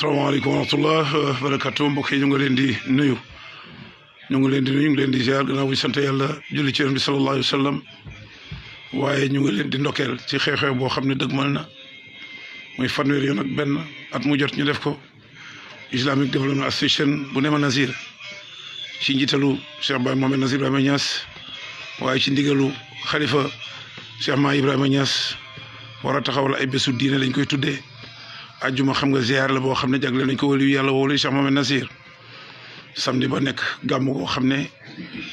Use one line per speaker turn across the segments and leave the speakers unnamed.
asalaamaaleykum wa rahmatulah barakatu mbokk yi ñu nga leen di nuyu ñu ngi leen di nuyu ñu ngi leen di ziar gannaaw bu sant yàlla julli ci yonent bi sallallahu alayhi wa sallam waaye ñu ngi leen di ndokkeel ci xew-xew boo xam ne dëgg dëgmal na muy fanweeri yoon ak benn at mu jot ñu def ko Islamic Development Association bu Nema Nazir ci njiitalu Cheikh Baye Mohamed Nazir Ibrahima Niass waaye ci ndigalu xalifa Cheikh Mahi Ibrahima ñaas war a taxawal ay bésu diine lañ koy tuddee. ajjuma xam nga ziar la boo xam ne jagle nañ ko wali yàlla woolu Cheikh Mohamed Nasir samedi ba nekk gàmm goo xam ne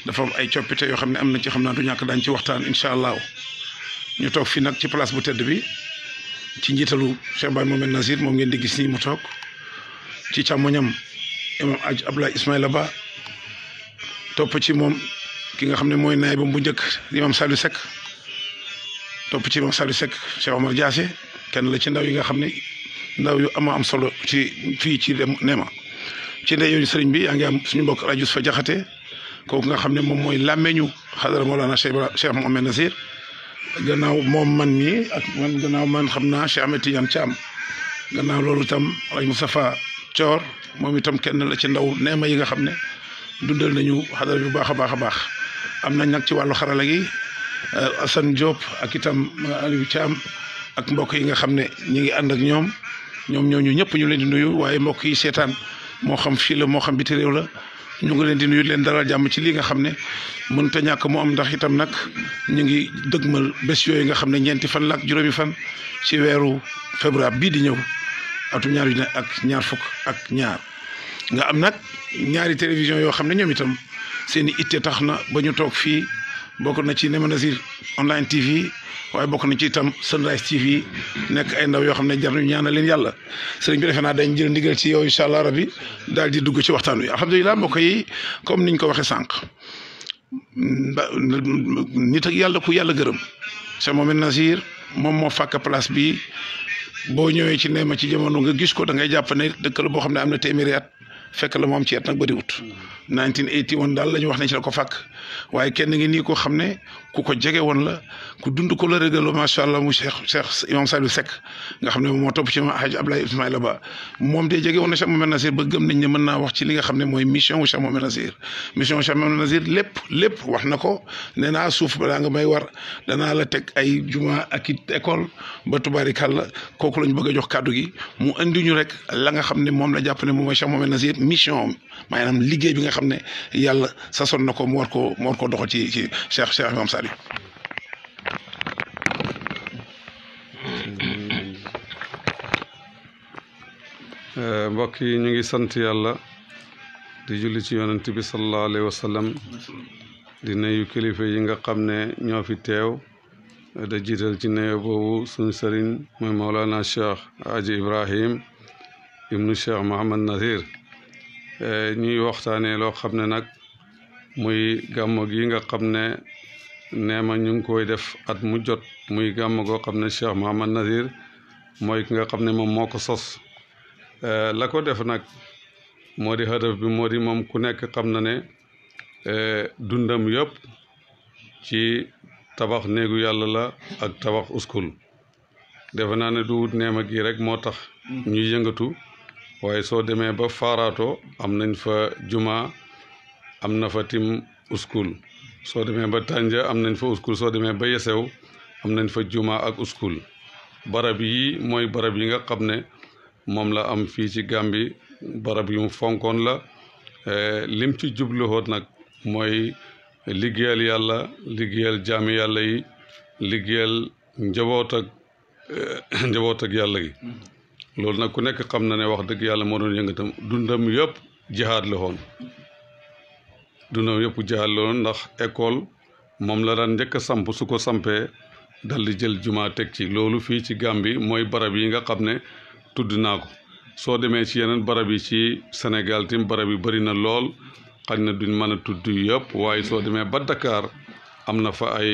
dafa am ay coppite yoo xam ne am na ci xam naa du ñàkk daañ ci waxtaan incha allah ñu toog fii nag ci place bu tedd bi ci njiitalu Cheikh Baye Mohamed Nasir moom ngeen di gis nii mu toog ci càmmoñam imam aj Abdoulaye Ismaïla Ba topp ci moom ki nga xam ne mooy naay ba bu njëkk imam Saliou Seck topp ci imam Saliou Seck Cheikh Omar Diassé kenn la ci ndaw yi nga xam ne ndaw yu ama am solo ci fii ci dem Néma ci ndeyu sëriñ bi yaa ngi am suñu mbokk rajo fa jaxate kooku nga xam ne moom mooy làmmeñu xadara Mawlana Cheikh Mouhamed Nasir gannaaw moom man mii ak man gannaaw man xam naa Cheikh Ahmed Tidiane Thiam gannaaw loolu itam rajo Moustapha Thior moom itam kenn la ci ndaw Néma yi nga xam ne dundal nañu xadara bi baax a baax a baax am nañ nag ci wàllu xarala gi Assane Diop ak itam Aliou Thiam ak mbokk yi nga xam ne ñi ngi ànd ak ñoom ñoom ñooñu ñëpp ñu leen di nuyu waaye mbokk yi seetaan moo xam fii la moo xam biti réew la ñu ngi leen di nuyu leen dara jàmm ci li nga xam ne mënut a ñàkk mu am ndax itam nag ñu ngi dëgmal bés yooyu nga xam ne ñeenti fan la ak juróomi fan ci weeru février bii di ñëw atum ñaar junni ak ñaar fukk ak ñaar nga am nag ñaari télévision yoo xam ne ñoom itam seen i itte tax na ba ñu toog fii bokk na ci Nema Nazir online TV waye bokku na ci tam Sunrise TV nek ay ndaw yo xamne ne jar nañu ñaanal leen yalla serigne bi defe naa dañ jël ndigal ci yow inshallah rabbi dal di dugg ci waxtaan wi alhamdulilah mbokk yi comme niñ ko waxe sank nit ak yalla ku yalla gëreum Cheikh momin nasir mom mo fàkk place bi bo ñëwé ci néma ci jëmono nga gis ko da ngay japp né dëkk lu bo xamne amna am at fekk la mom ci at bari wut 1981 dal lañu wax né ci la ko waaye kenn ngi nii ko xam ne ku ko jege woon la ku dund ko la régal macha allah mu cheikh cheikh imam Saliou Seck nga xam ne moo topp ci ma Hadj Abdoulaye Ismaïla Ba moom de jege woon na Cheikh Mouhamed gëm nañ ne mën naa wax ci li nga xam ne mooy mission wu Cheikh mission wu lépp lépp wax na ko nee naa suuf balaa nga may war danaa la teg ay juma ak it école ba tubaarikàlla kooku la bëgg a jox kàddu gi mu andi ñu rek la nga xam ne moom la jàpp ne moom mooy Cheikh mission am liggéey bi nga xam ne yàlla sason na ko mu war ko moo ko ci ci Cheikh
euh, yi ñu ngi sant yàlla di julli ci yonent bi sallallahu alayhi wa sallam nuyu kilifa yi nga xam ne ñoo fi teew da jiital ci nuyu boobu Ibrahim ibnu Cheikh Mohamad Nazir euh, ñuy waxtaanee loo xam ne nag muy gàmmu gi nga xam ne neema ñu ngi koy def at mu jot muy gàmmu goo xam ne Cheikh Mouhamad Nazir mooy ki nga xam ne moom moo ko sos eh, la ko def nag moo di hadaf bi moo di moom ku nekk xam na ne eh, dundam yépp ci tabax néegu yàlla la ak tabax uskul defe naa ne du wut neema gi rek moo tax mm. ñu yëngatu waaye soo demee ba faaraato am nañ fa jumaa am na fa tim uskul soo demee ba tànja am nañ fa uskul soo demee ba yesew am nañ fa juma ak uskul barab yii mooy barab yi nga xam ne moom la am fii ci Gàmbi barab yu fonkoon la eh, lim ci jubluwoon nag mooy liggéeyal yàlla liggéeyal jaami yàlla yi liggéeyal njaboot ak eh, njaboot yàlla gi mm-hmm. loolu nag ku nekk xam na ne wax dëgg yàlla moo doon yëngatam dundam yëpp jihaad la dunaw yëpp jàlloon ndax école moom la daan njëkk a samp su ko sampee daldi jël jumaa teg ci loolu fii ci Gàmbi mooy barab yi nga xam ne tudd naa ko soo demee ci yeneen barab yi ci Sénégal tim barab yi bari na lool xañ na duñ mën a tudd yëpp waaye soo demee ba Dakar am na fa ay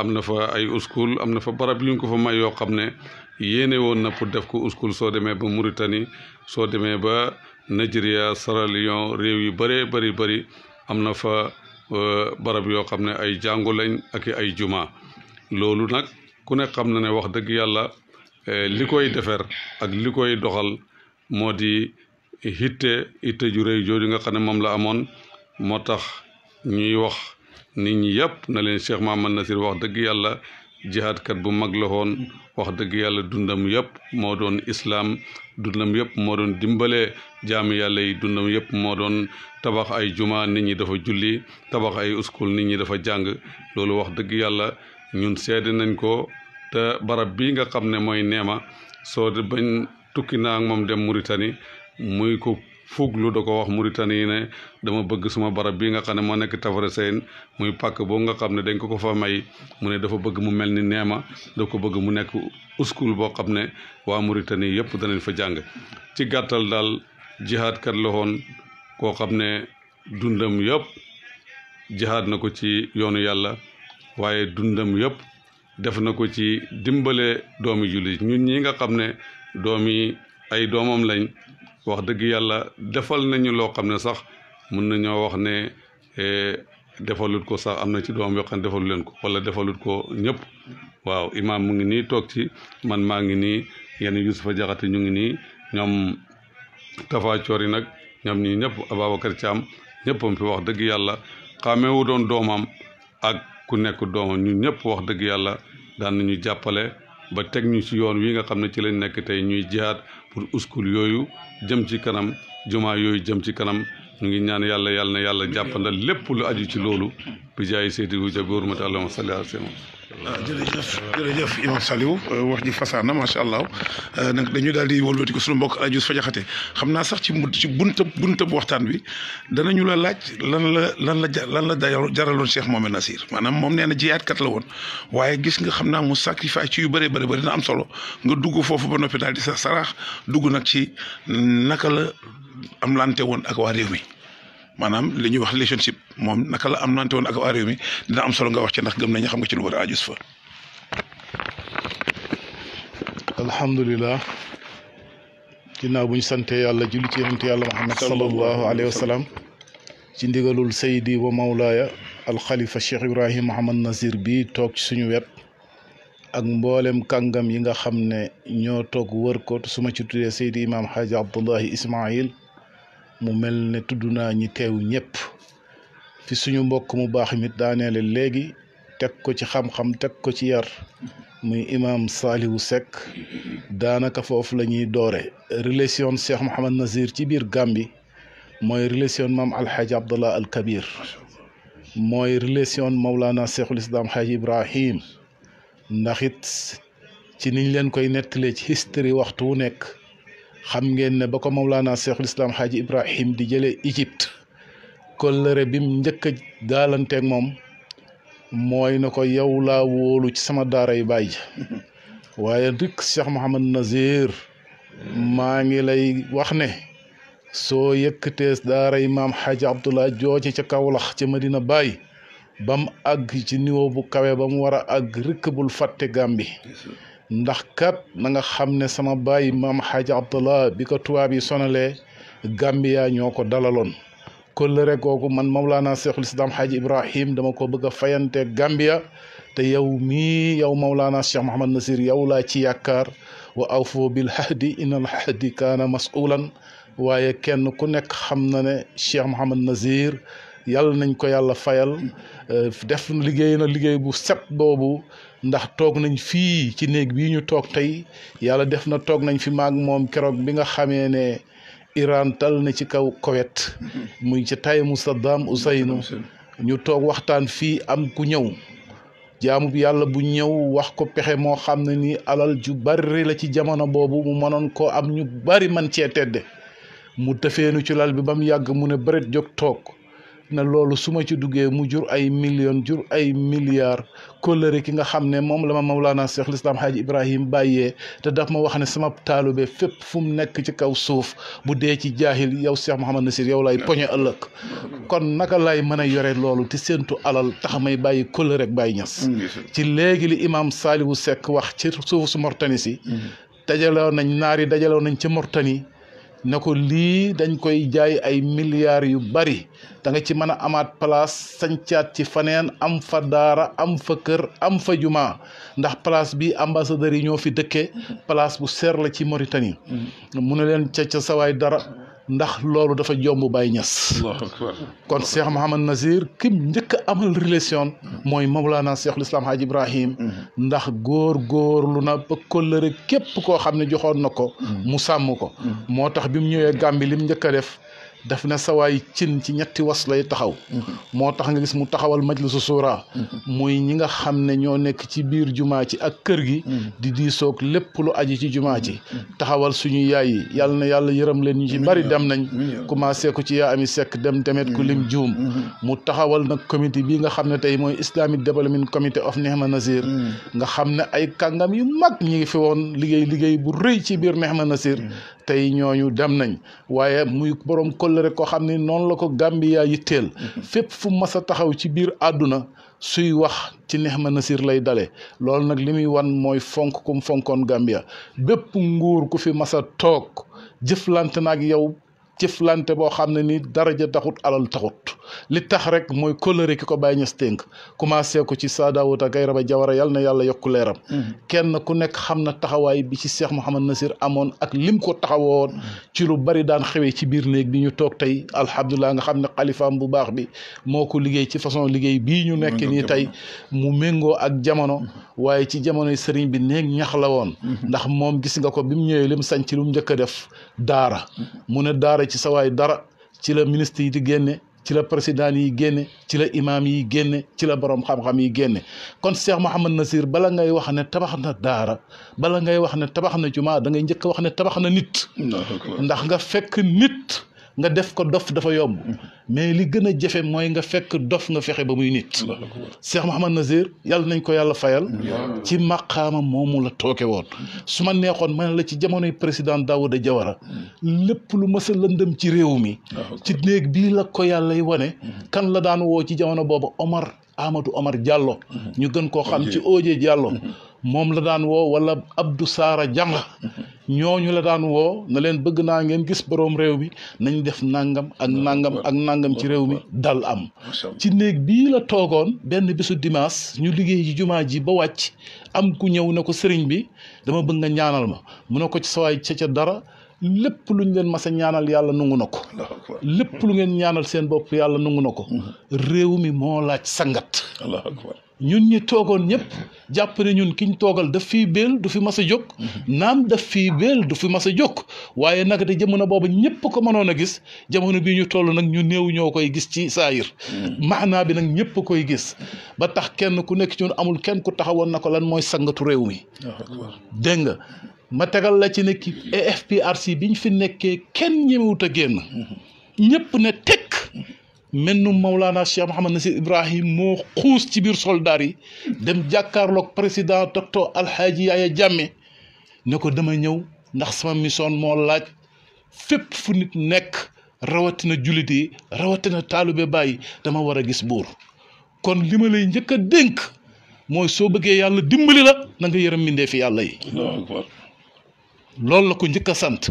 am na fa ay uskul am na fa barab yu ñu ko fa may yoo xam ne yéene woon na pour def ko uskul soo demee ba Mauritanie soo demee ba Nigeria Sierra Leone réew yu bëree bëri bëri am na fa euh, barab yoo xam ne ay jàngu lañ ak ay jumaa loolu nag ku ne xam na ne wax dëgg yàlla euh, li koy defar ak li koy doxal moo di hitte hitte ju réy jooju nga xam ne moom la amoon moo tax ñuy wax nit ñi yëpp na leen Cheikh Mahamad Nasir wax dëgg yàlla jihaadkat bu mag la wax dëgg yàlla dundam yëpp moo doon islaam dundam yëpp moo doon dimbalee jaami yàlla yi dundam yëpp moo doon tabax ay juma nit ñi dafa julli tabax ay uskul nit ñi dafa jàng loolu wax dëgg yàlla ñun seede nañ ko te barab bi nga xam ne mooy neema soo de bañ tukki naa moom dem Mauritanie muy ko Fuglu da ko wax Mauritanie yi ne dama bëgg suma barab bi nga xam ne moo nekk Tafariseen muy pàkk boo nga xam ne dañ ko ko fa may mu ne dafa bëgg mu mel ni neema da ko bëgg mu nekk uskul boo xam ne waa Mauritanie yëpp danañ fa jàng ci gàttal daal jihaad kat la koo xam ne dundam yëpp jihaad na ko ci yoonu yàlla waaye dundam yëpp def na ko ci dimbale doomi jullit ñun ñi nga xam ne doomi ay doomam lañ wax deug yalla defal nañu lo xamne sax mun nañu wax ne eh, defalut ko sax amna ci doom yo xamne defal len ko wala defalut ko ñep waaw imam mu ngi ni tok ci man mang ngi ni yene Yusufa jaxati ñu ngi ni ñom Tafa Coori nag ñoom ñii ñëpp cham Thiam ñëppam fi wax yalla yàlla wu doon domam ak ku nekk doomam ñu ñep wax deug yalla daan ñu ba teg ñu ci yoon wi nga xam ne ci lañ nekk tey ñuy jihaat pour uskul yooyu jëm ci kanam jumaa yooyu jëm ci kanam mu ngi ñaan yàlla yàlla na yàlla jàppandal lépp lu aju ci loolu bi jaay seeti wu ja ma hurmati allahumma salli ala
waaw ah, jërëjëf
jërëjëf imam Saliou euh, wax ji fasaana macha allah euh, nag dañuy daal di wëlbati ko suñu mbokk Adiouze Fajaxate xam naa sax ci ci bunta buntab waxtaan bi danañu la laaj lan la lan la lan la jaraloon Cheikh Mohamed Nasir maanaam moom nee na kat la woon waaye gis nga xam naa mu sacrifice ci yu bëree bëri bëri dina am solo nga dugg foofu ba noppi daal di sa saraax dugg nag ci naka la am lante woon ak waa réew mi. maanaam li ñuy wax relationship moom naka la am nante woon ak waa réew mi dina am solo nga wax ci ndax gëm nañu xam nga ci lu war a ajus fa
alhamdulilah ginnaaw bu ñu yàlla julli ci yonent yàlla muhammad sallallahu alayhi wa sallam ci ndigalul saydi wa mawlaaya alxalifa cheikh ibrahim muhammad nazir bi toog ci suñu wet ak mboolem kàngam yi nga xam ne ñoo toog wër ko suma ci tuddee saydi imam xaaji abdullahi ismail mu mel ni tudd naa ñi teew ñëpp fi suñu mbokk mu baax mit daaneele léegi teg ko ci xam-xam teg ko ci yar muy imaam Salihu Seck daanaka foofu la ñuy doore relation Cheikh Mouhamad Nazir ci biir Gambi mooy relation maam alxaaji Abdallah al kabiir mooy relation Mawlana Cheikhul Islam Xaaji Ibrahim ndax it ci niñ leen koy nettalee ci history waxtu wu nekk xam ngeen ne ba ko Mawlana Cheikhul Islam Hadji Ibrahim di jële Égypte kóllëre bi mu njëkk a daalanteeg moom mooy na ko yow laa wóolu ci sama daara yu bàyyi waaye rikk Cheikh Mouhamad Nazir maa ngi lay wax ne soo yëkkatees daaray maam Hadji Abdoulaye jooce ca Kawlax ca Medina Baye ba mu àgg ci niveau bu kawe ba mu war a àgg rikk bul fàtte Gàmbi ndax kat na nga xamne sama baye mam hadji abdallah bi ko tubaab yi sonalee gambia dalalon ko le rek googu man mawlana cheikhul islam hadji ibrahim dama ko bëgg fayante gambia te yow mi yow mawlana cheikh mohammed nasir yow la ci yaakaar wa awfu bil hadi in al hadi kana masulan waye kenn ku nek xamna ne cheikh mohammed nasir yàlla nañ ko yàlla fayal def ligéy na ligéy bu set bobu ndax toog nañ fii ci néeg bi ñu toog tey yàlla def na toog nañ fi maag moom keroog bi nga xamee ne irantal tal na ci kaw Koweït muy ci tay mu Saddam Hussein ñu toog waxtaan fii am ku ñëw jaamu bi yàlla bu ñëw wax ko pexe moo xam na nii alal ju bari la ci jamono boobu mu mënoon ko am ñu bari man cee tedde mu defeenu ci lal bi ba mu yàgg mu ne bëret jóg toog ne loolu su ma ci duggee mu jur ay millions jur ay milliards kóllëre ki nga xam ne moom la ma Mawlana Cheikh Lislam Hadji Ibrahim bàyyee te daf ma wax ne sama taalube fépp fu mu nekk ci kaw suuf bu dee ci jaahil yow seex Mouhamad Nasir yow lay poñe ëllëg kon naka lay mën a yore loolu ti séentu alal tax may bàyyi kóllëre bàyyi Baye mm, ci léegi li imaam Saliou sekk wax ci suufu su Mortani si mm. dajaloo nañ naar yi dajaloo nañ ci Mortani ne ko lii dañ koy jaay ay milliards yu bari da nga ci mën a amaat place sancaat ci faneen am fa daara am fa kër am fa juma ndax palace bi ambassadeur yi ñoo fi dëkkee palace bu seer la ci Mauritanie mhm. mu ne leen ca sawaay dara ndax loolu dafa jomb Baye Niass kon Cheikh Mouhamad Nazir kim njëkk a amal relation mooy Mawlana Cheikhul Islam Haji Ibrahim mhm. ndax góor góorlu na ba kóllëre képp koo xam ne joxoon na ko mhm. mu sàmm ko moo tax bi ñëwee Gàmbi lim def def na sawaay cin ci ñetti was lay taxaw mm-hmm. moo tax nga gis mu taxawal majlisu suura mooy mm-hmm. ñi nga xam ne ñoo nekk ci biir jumaa ci ak kër gi mm-hmm. di diisoog lépp lu aji ci jumaa ci taxawal suñu yaay yi yàlla na yàlla yërëm leen ñu ci bari dem nañ commencé ku ci yaa ami sekk dem demet ku lim juum mu taxawal na comité bi nga xam ne tey mooy Islamic Development Committee of Nehma Nazir nga xam ne ay kàngam yu mag ñi ngi fi woon liggéey liggéey bu rëy ci biir Nehma Nazir tey ñooñu dem nañ waaye muy borom kóllëre koo xam ni noonu la ko Gambia yitteel fépp fu mas a taxaw ci biir àdduna suy wax ci neex Nehma Nasir lay dale loolu nag li muy wan mooy fonk kum fonkoon Gambia bépp nguur ku fi mas a toog jëflante na ak yow cëflante boo xam ne ni daraja taxut alal taxut li tax rek mooy kóllëre ki ko bàyyi ñës tënk commencé ko ci saadaawuta kay raba jawara yal na yàlla yokku leeram kenn ku nekk xam na taxawaay bi ci Cheikh Mouhamad Nasir amoon ak lim ko taxawoon ci lu bari daan xewee ci biir néeg bi ñu toog tey alhamdulilah nga xam ne xalifaam bu baax bi moo ko liggéey ci façon liggéey bii ñu nekk nii tey mu méngoo ak jamono waaye ci jamonoy sëriñ bi néeg ñax la woon ndax moom gis nga ko bi mu ñëwee lim sañ ci lu mu njëkk a def daara mu ne daara pare ci sawaayu dara ci la ministre yi di génne ci la président yi génne cila la imaam yi génne ci la borom xam-xam yi génne kon Cheikh Mouhamed Nasir bala ngay wax ne tabax na daara bala ngay wax ne tabax na jumaa da ngay njëkk wax ne tabax na nit. ndax nga fekk nit. nga def ko dof dafa yomb mm-hmm. mais li gën a jafe mooy nga fekk dof nga fexe ba muy nit Cheikh Mouhamad Nazir yàlla nañ ko yàlla fayal mm-hmm. ci maqaama moomu la tooke woon mm-hmm. su ma neexoon ma la ci jamonoy président Daouda Diawara lépp lu mës a lëndëm ci réew mi ci néeg bii la ko yàllay wane kan la daan woo ci jamono boobu Omar Amadou Omar jàlloo mhm. ñu gën koo xam ci Oje Diallo. Mhm. moom la daan woo wala Abdou Saara Jang mhm. ñooñu la daan woo na leen bëgg naa ngeen gis boroom réew mi nañ def nàngam ak nangam ak nangam ci réew mi dal am ci néeg bii la toogoon benn bisu dimaas ñu liggéey ci jumaa ji ba wàcc am ku ñëw ne ko sëriñ bi dama bëgg nga ñaanal ma mu ne ko ci sawaay ca ca dara lépp lu ñu leen mas ñaanal yàlla nungu na ko lépp lu ngeen ñaanal seen bopp yàlla nungu na ko mm-hmm. réew mi moo laaj sangat ñun ñi toogoon ñëpp jàpp na ñun kiñ toogal daf fii béel du fi mas a jóg mm-hmm. naam daf fii béel du fi mas a jóg waaye nag da jamono boobu ñëpp ko manoon a gis jamono bii ñu toll nag ñu néew ñoo koy gis ci saayir mm-hmm. maanaa bi nag ñëpp koy gis ba tax kenn ku nekk ci ñun amul kenn ku taxawoon na ko lan mooy sangatu réew mi dégg ma tegal la ci ne ki arsi bi ñu fi nekkee kenn ñemewut a génn ñëpp ne tekk mennu Maulana Cheikh Mouhamed Nasir Ibrahim moo xuus ci biir soldaar yi dem jàkkaarloog président docteur Alhaji Yaya Jammeh ne ko dama ñëw ndax sama mission moo laaj fépp fu nit nekk rawatina jullit yi rawatina taalibe bàyyi dama war a gis buur kon li ma lay njëkk a dénk mooy soo bëggee yàlla dimbali la na nga yërëm mbindee fi yàlla yi loolu la ko njëkk a sant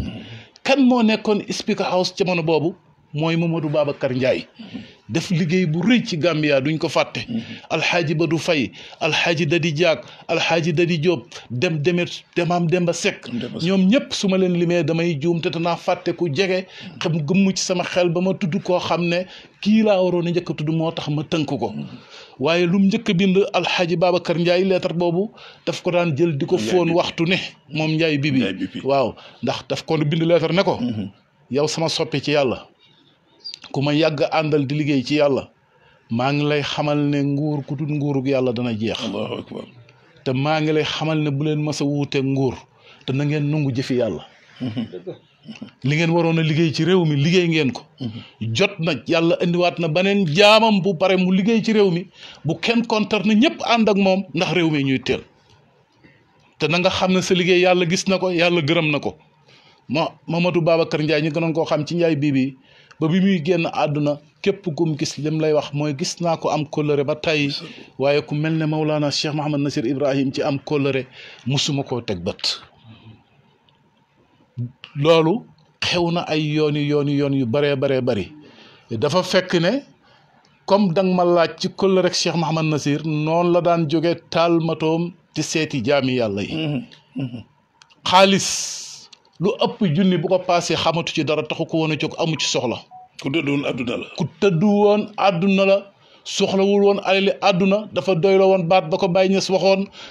kan moo nekkoon Speaker House jamono boobu mooy Mamadou Babacar Ndiaye def liggéey bu reuy ci Gambia duñ ko fàtte alhaji Badou Faye alhaji Dadi Diak alxaaji Dadi job dem demet demam Demba sek ñom ñep suma len limé damay joom te danaa fàtte ku jégué xam gëmm ci sama xel bama ma tudd koo xam ne kii laa waroon a tudd ma tënk ko waye lu njëkk bind alxaaji babakar ndjay leetar bobu daf ko daan jël diko fon waxtu ne mom ndjay Bibi waw ndax daf ko bind leetar ne ko yow sama soppi ci yàlla ku ma yàgg àndal di liggéey ci yàlla maa ngi lay xamal ne nguur ku dul nguurug yàlla dana jeex te maa ngi lay xamal ne bu leen mas wuute nguur te na ngeen nungu jëfi yàlla li ngeen waroon a liggéey ci réew mi liggéey ngeen ko jot na yàlla indiwaat na beneen jaamam bu pare mu liggéey ci réew mi bu kenn kontar na ñëpp ànd moom ndax réew mi ñuy teel te na xam ne sa liggéey yàlla gis na ko yàlla gërëm na ko ma Mamadou Babacar Ndiaye ñu gënoon koo xam ci njaay bii bi ba bi muy génn àdduna képp kum gis lim lay wax mooy gis naa ko am kóllëre ba tey waaye ku mel ne Maulana Cheikh Mouhamed Nasir Ibrahim ci am kóllëre musuma koo teg bët loolu xew na ay yoon yu yoon yu yoon yu baree baree bari dafa fekk ne comme danga ma laaj ci kóllëre ak Cheikh Mouhamed Nasir noonu la daan jóge taal matoom ci seeti jaami yàlla yi mm-hmm. Mm-hmm. xaalis lu ëpp junni bu ko paasee xamatu ci dara taxu ko woon a jóg amu ci soxla. ku tëdd woon àdduna la. ku tëdd woon àdduna la soxlawul woon alali àdduna dafa doy la woon baat ba ko Baye Niass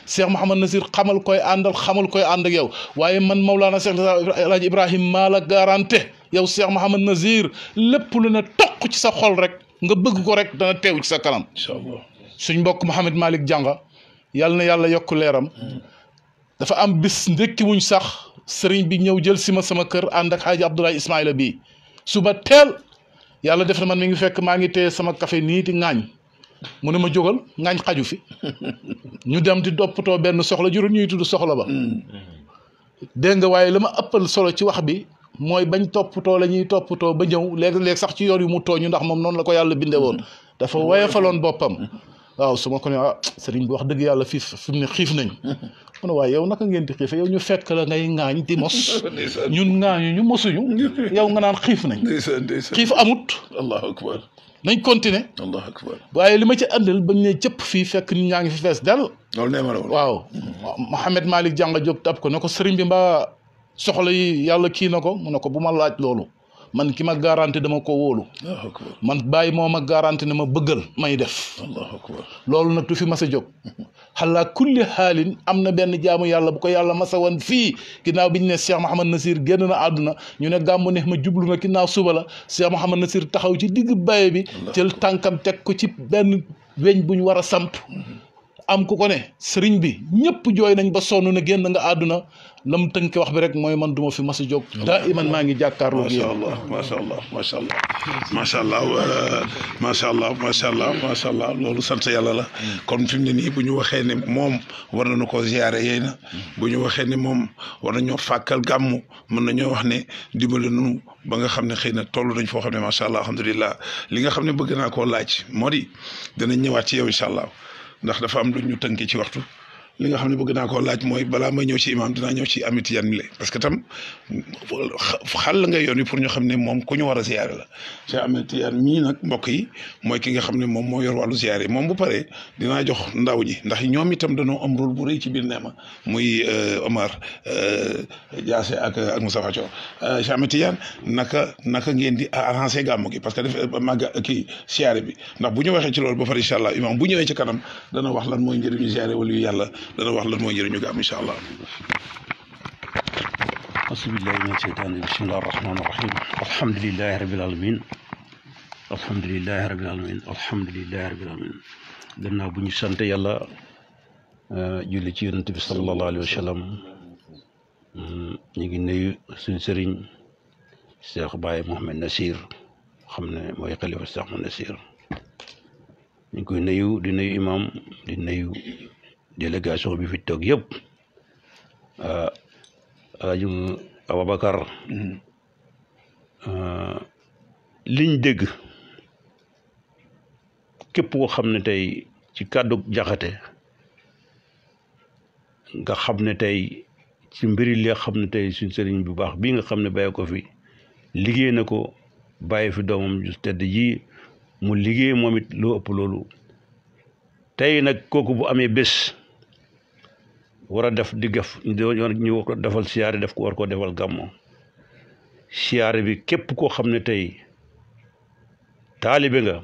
Cheikh Mouhamad Nasir xamal koy àndal xamal koy ànd ak yow waaye man Maulana Cheikh El Hadj Ibrahim maa garanté yow Cheikh Mouhamad Nasir lépp lu ne toq ci sa xol rek nga bëgg ko rek dana teew ci sa kanam. incha suñ mbokk Mouhamed Malick Dianga yal na yàlla yokk leeram. dafa am bis ndekki sax sëriñ bi ñëw jël si ma sama kër ànd ak xaaji Abdoulaye Ismaïla bi suba teel yàlla def na man mi ngi fekk maa ngi téye sama café nii di ŋaañ mu ne ma jógal ŋaañ xaju fi ñu dem di doppatoo benn soxla jurul ñuy tudd soxla ba mm. dégg nga waaye la ma ëppal solo ci wax bi mooy bañ toppatoo la ñuy toppatoo ba ñëw léeg-léeg sax ci yoon yu mu tooñu ndax moom noonu la ko yàlla bindee woon dafa mm. woyofaloon boppam waaw su ma ko ne ah, sëriñ bi dëgg yàlla fii fi mu ne xiif nañ man waaye yow naka ngeen di xiife yow ñu fekk la ngay ŋaañ di mos ñun ŋaañu ñu mosuñu yow nga naan xiif nañ xiif amut nañ continuer allahu waaye li ma ci àndal bañ ne cëpp fii fekk nit ñaa ngi fi fees dell loolu nee ma la waaw Mouhamed Malick jànga Diop tab ko ne ko sëriñ bi mbaa soxla yi yàlla kii na ko mu ne ko bu ma laaj loolu man ki ma garanti dama ko wóolu man bàyyi moo ma garanti ne ma bëggal may def loolu nag tu fi mas a jóg xalaa kulli am na benn jaamu yàlla bu ko yàlla masa woon fii ginnaaw bi ñu ne Cheikh Mouhamad Nasir génn na àdduna ñu ne gàmmu neex ma jublu na ginnaaw suba la Cheikh Mouhamad Nasir taxaw ci digg baye bi jël tànkam teg ko ci benn weñ buñ war a samp mm-hmm. am ku ko ne sëriñ bi ñëpp jooy nañ ba sonn na génn nga àdduna lam tënk wax bi rek mooy man duma fi mas a jóg daa iman maa ngi
jàkkaarloo gi allah macha allah macha allah macha allah macha allah macha allah loolu sant yàlla la kon fi mu ne nii bu ñu waxee ne moom war nañu ko ziyaare yéy na bu ñu waxee ne moom war nañoo fàkkal gàmmu mën nañoo wax ne dimbale nu ba nga xam ne xëy na toll nañ foo xam ne macha allah alhamdulilah li nga xam ne bëgg naa koo laaj moo di danañ ñëwaat ci yow incha allah ndax dafa am lu ñu tënk ci waxtu li nga xam ne bëgg naa koo laaj mooy balaa may ñëw ci imaam dinaa ñëw ci amit yan mi parce que tam xal la nga yoon wi pour ñu xam ne moom ku ñu war a la te amit yan mii nag mbokk yi mooy ki nga xam ne moom moo yor wàllu ziyaare moom bu paree dinaa jox ndaw ñi ndax ñoom itam dañoo am rôle bu ci biir neema muy euh, Omar euh, Diassé ak ak Moussa Facho ci amit yan naka naka ngeen di arranger gàmmu gi parce que def euh, màgg kii ziyaare bi ndax bu ñu waxee ci loolu ba pare incha allah bu ñëwee ci kanam dana wax lan mooy njëriñu ziyaare wala yàlla dana wax lan mooy njëriñu gàmm incha allah.
أعوذ بالله من الشيطان بسم الله الرحمن الرحيم الحمد لله رب العالمين الحمد لله رب العالمين الحمد لله رب العالمين gannaaw bu ñu sant yàlla julli ci yonent bi sallallahu alayhi wa sallam ñu ngi nuyu suñu sëriñ Cheikh Baye Mouhamed Nassir xam ne mooy xalifa Cheikh Mouhamed Nassir ñu ngi koy nuyu di nuyu imam di nuyu délégation bi fi toog yëpp euh, ajum Ababacar euh, liñ dégg képp koo xam ne tey ci kàddu jaxate nga xam ne tey ci mbiri li xam ne tey suñ sëriñ bu baax bii nga xam ne bàyyi ko fi liggéey na ko bàyyi fi doomam ju ji mu liggéey moom it lu ëpp loolu tey nag kooku bu amee bés war a def di def ñu war ko defal siyaare def ko war koo defal gàmmo siyaare bi képp koo xam ne tey taalibe nga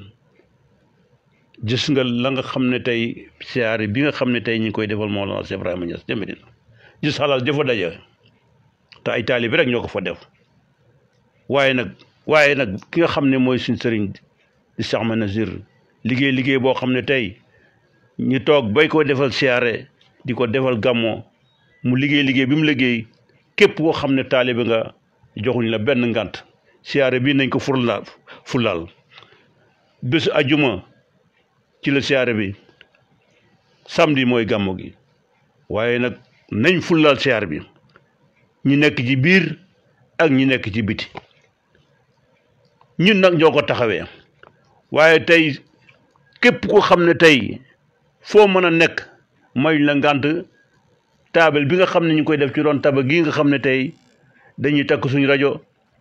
gis nga la nga xam ne tey siyaare bi nga xam ne tey ñu koy defal Mawlana Cheikh Ibrahima Niass ca Medina gis xalaas dafa daje te ay taalibe rek ñoo ko fa def waaye nag waaye nag ki nga xam ne mooy suñ sëriñ di Cheikh Ahmed Nazir liggéey liggéey boo xam ne tey ñu toog bay ko defal siyaare di ko defal gàmmoo mu liggéey liggéey bi mu liggéey képp koo xam ne taalibe nga joxuñ la benn ngant siyaare bi nañ ko furlaal fulaal bésu ajuma ci la siyaare bi samedi mooy gàmmu gi waaye nag nañ fulaal siyaare bi ñi nekk ci biir ak ñi nekk ci biti ñun nag ñoo ko taxawee waaye tey képp koo xam ne tey foo mën a nekk mayuñ la ngànt taabal bi nga xam ne ñu koy def ci ron taba gii nga xam ne tey dañuy takk suñu rajo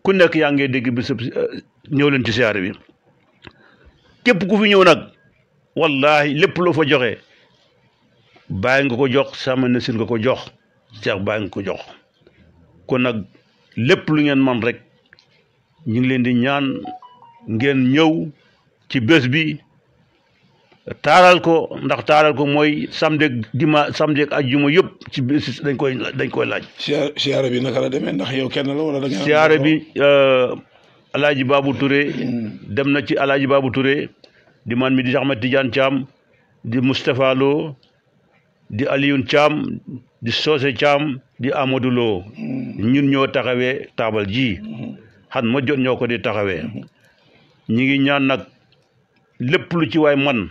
ku nekk yaa ngi dégg bisub euh, ñëw leen ci siyaare bi képp ku fi ñëw nag wallaahi lépp loo fa joxe bàyyi nga ko jox sama nasin nga ko jox seex bàyyi nga ko jox kon nag lépp lu ngeen man rek ñu ngi leen di ñaan ngeen ñëw ci bés bi taaral ko ndax taaral ko mooy samedi dima dimanche samedi ak ajjuma yëpp
ci biir dañ koy dañ koy laaj. siyaare bi naka la demee ndax yow kenn la wala da nga. siyaare bi
euh, Alaaji Babou Touré mm. dem na ci Alaaji Babou Touré di man mi di Ahmed Tidiane Thiam di Moustapha Lo di Alioune caam di sose caam di Amadou Lo mm. ñun ñoo taxawee taabal ji mm-hmm. xan ma jot ñoo ko di taxawee ñi ngi ñaan nag lépp lu ci waay man.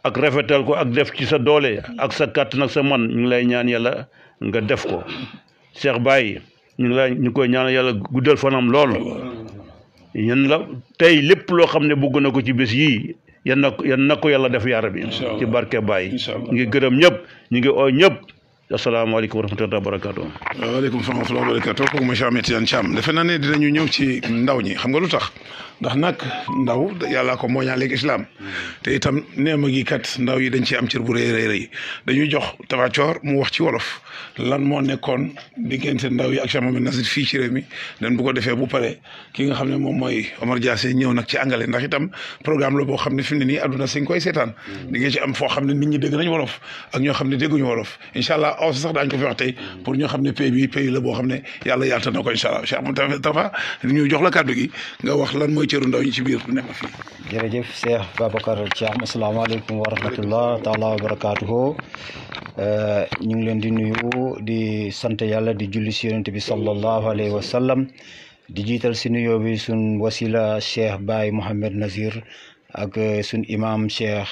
ak rafetal ko ak def ci sa doole ak sa kàttan ak sa man ñu ngi lay ñaan yàlla nga def ko Cheikh bàyyi ñu ngi lay ñu koy ñaan yàlla guddal fanam lool yan la tey lépp loo xam ne bëgg na ko ci bés yii yan na yan na ko yàlla def yaara bi ci barke Baye ngi gërëm ñëpp ñu ngi oo ñëpp
asalaamaaleykum wa rahmatulah barakaatu. waaleykum salaam wa barakaatu kooku mooy Cheikh Ahmed Tidiane Thiam defe naa ne dinañu ñëw ci ndaw ñi xam nga lu tax ndax nag ndaw yàllaa ko mooñaa léegi islam hmm. te itam neema gi kat ndaw yi dañ ci am cër bu rëy rëy rëy dañuy jox tabacoor mu wax ci wolof lan moo nekkoon diggante ndaw yi ak Cheikh Mohamed Nasir fii ci réew mi dan bu ko defee bu pare ki nga xam ne moom mooy Omar Diasse ñëw nag ci angale ndax itam programme la boo xam ne fi mu ne nii àdduna si nga koy seetaan hmm. di nga ci am foo xam ne nit ñi dégg nañ wolof ak ñoo xam ne dégguñu wolof incha allah onze sax daañu ko fi wax tey pour ñu xam ne pays bi pays la boo xam ne yàlla yaatal na ko incha allah Cheikh Moustapha ñu jox la kàddu gi wax lan mooy cëru ndaw ñi ci biir ne ma fii.
jërëjëf Cheikh Babacar Thiam asalaamaaleykum wa rahmatullah euh, ñu ngi leen di nuyu di sant yàlla di julli si yonent bi sallallahu alayhi wa sallam di jiital si nuyoo bi suñ wasila Cheikh Baye Mouhamed Nazir ak suñ imam Cheikh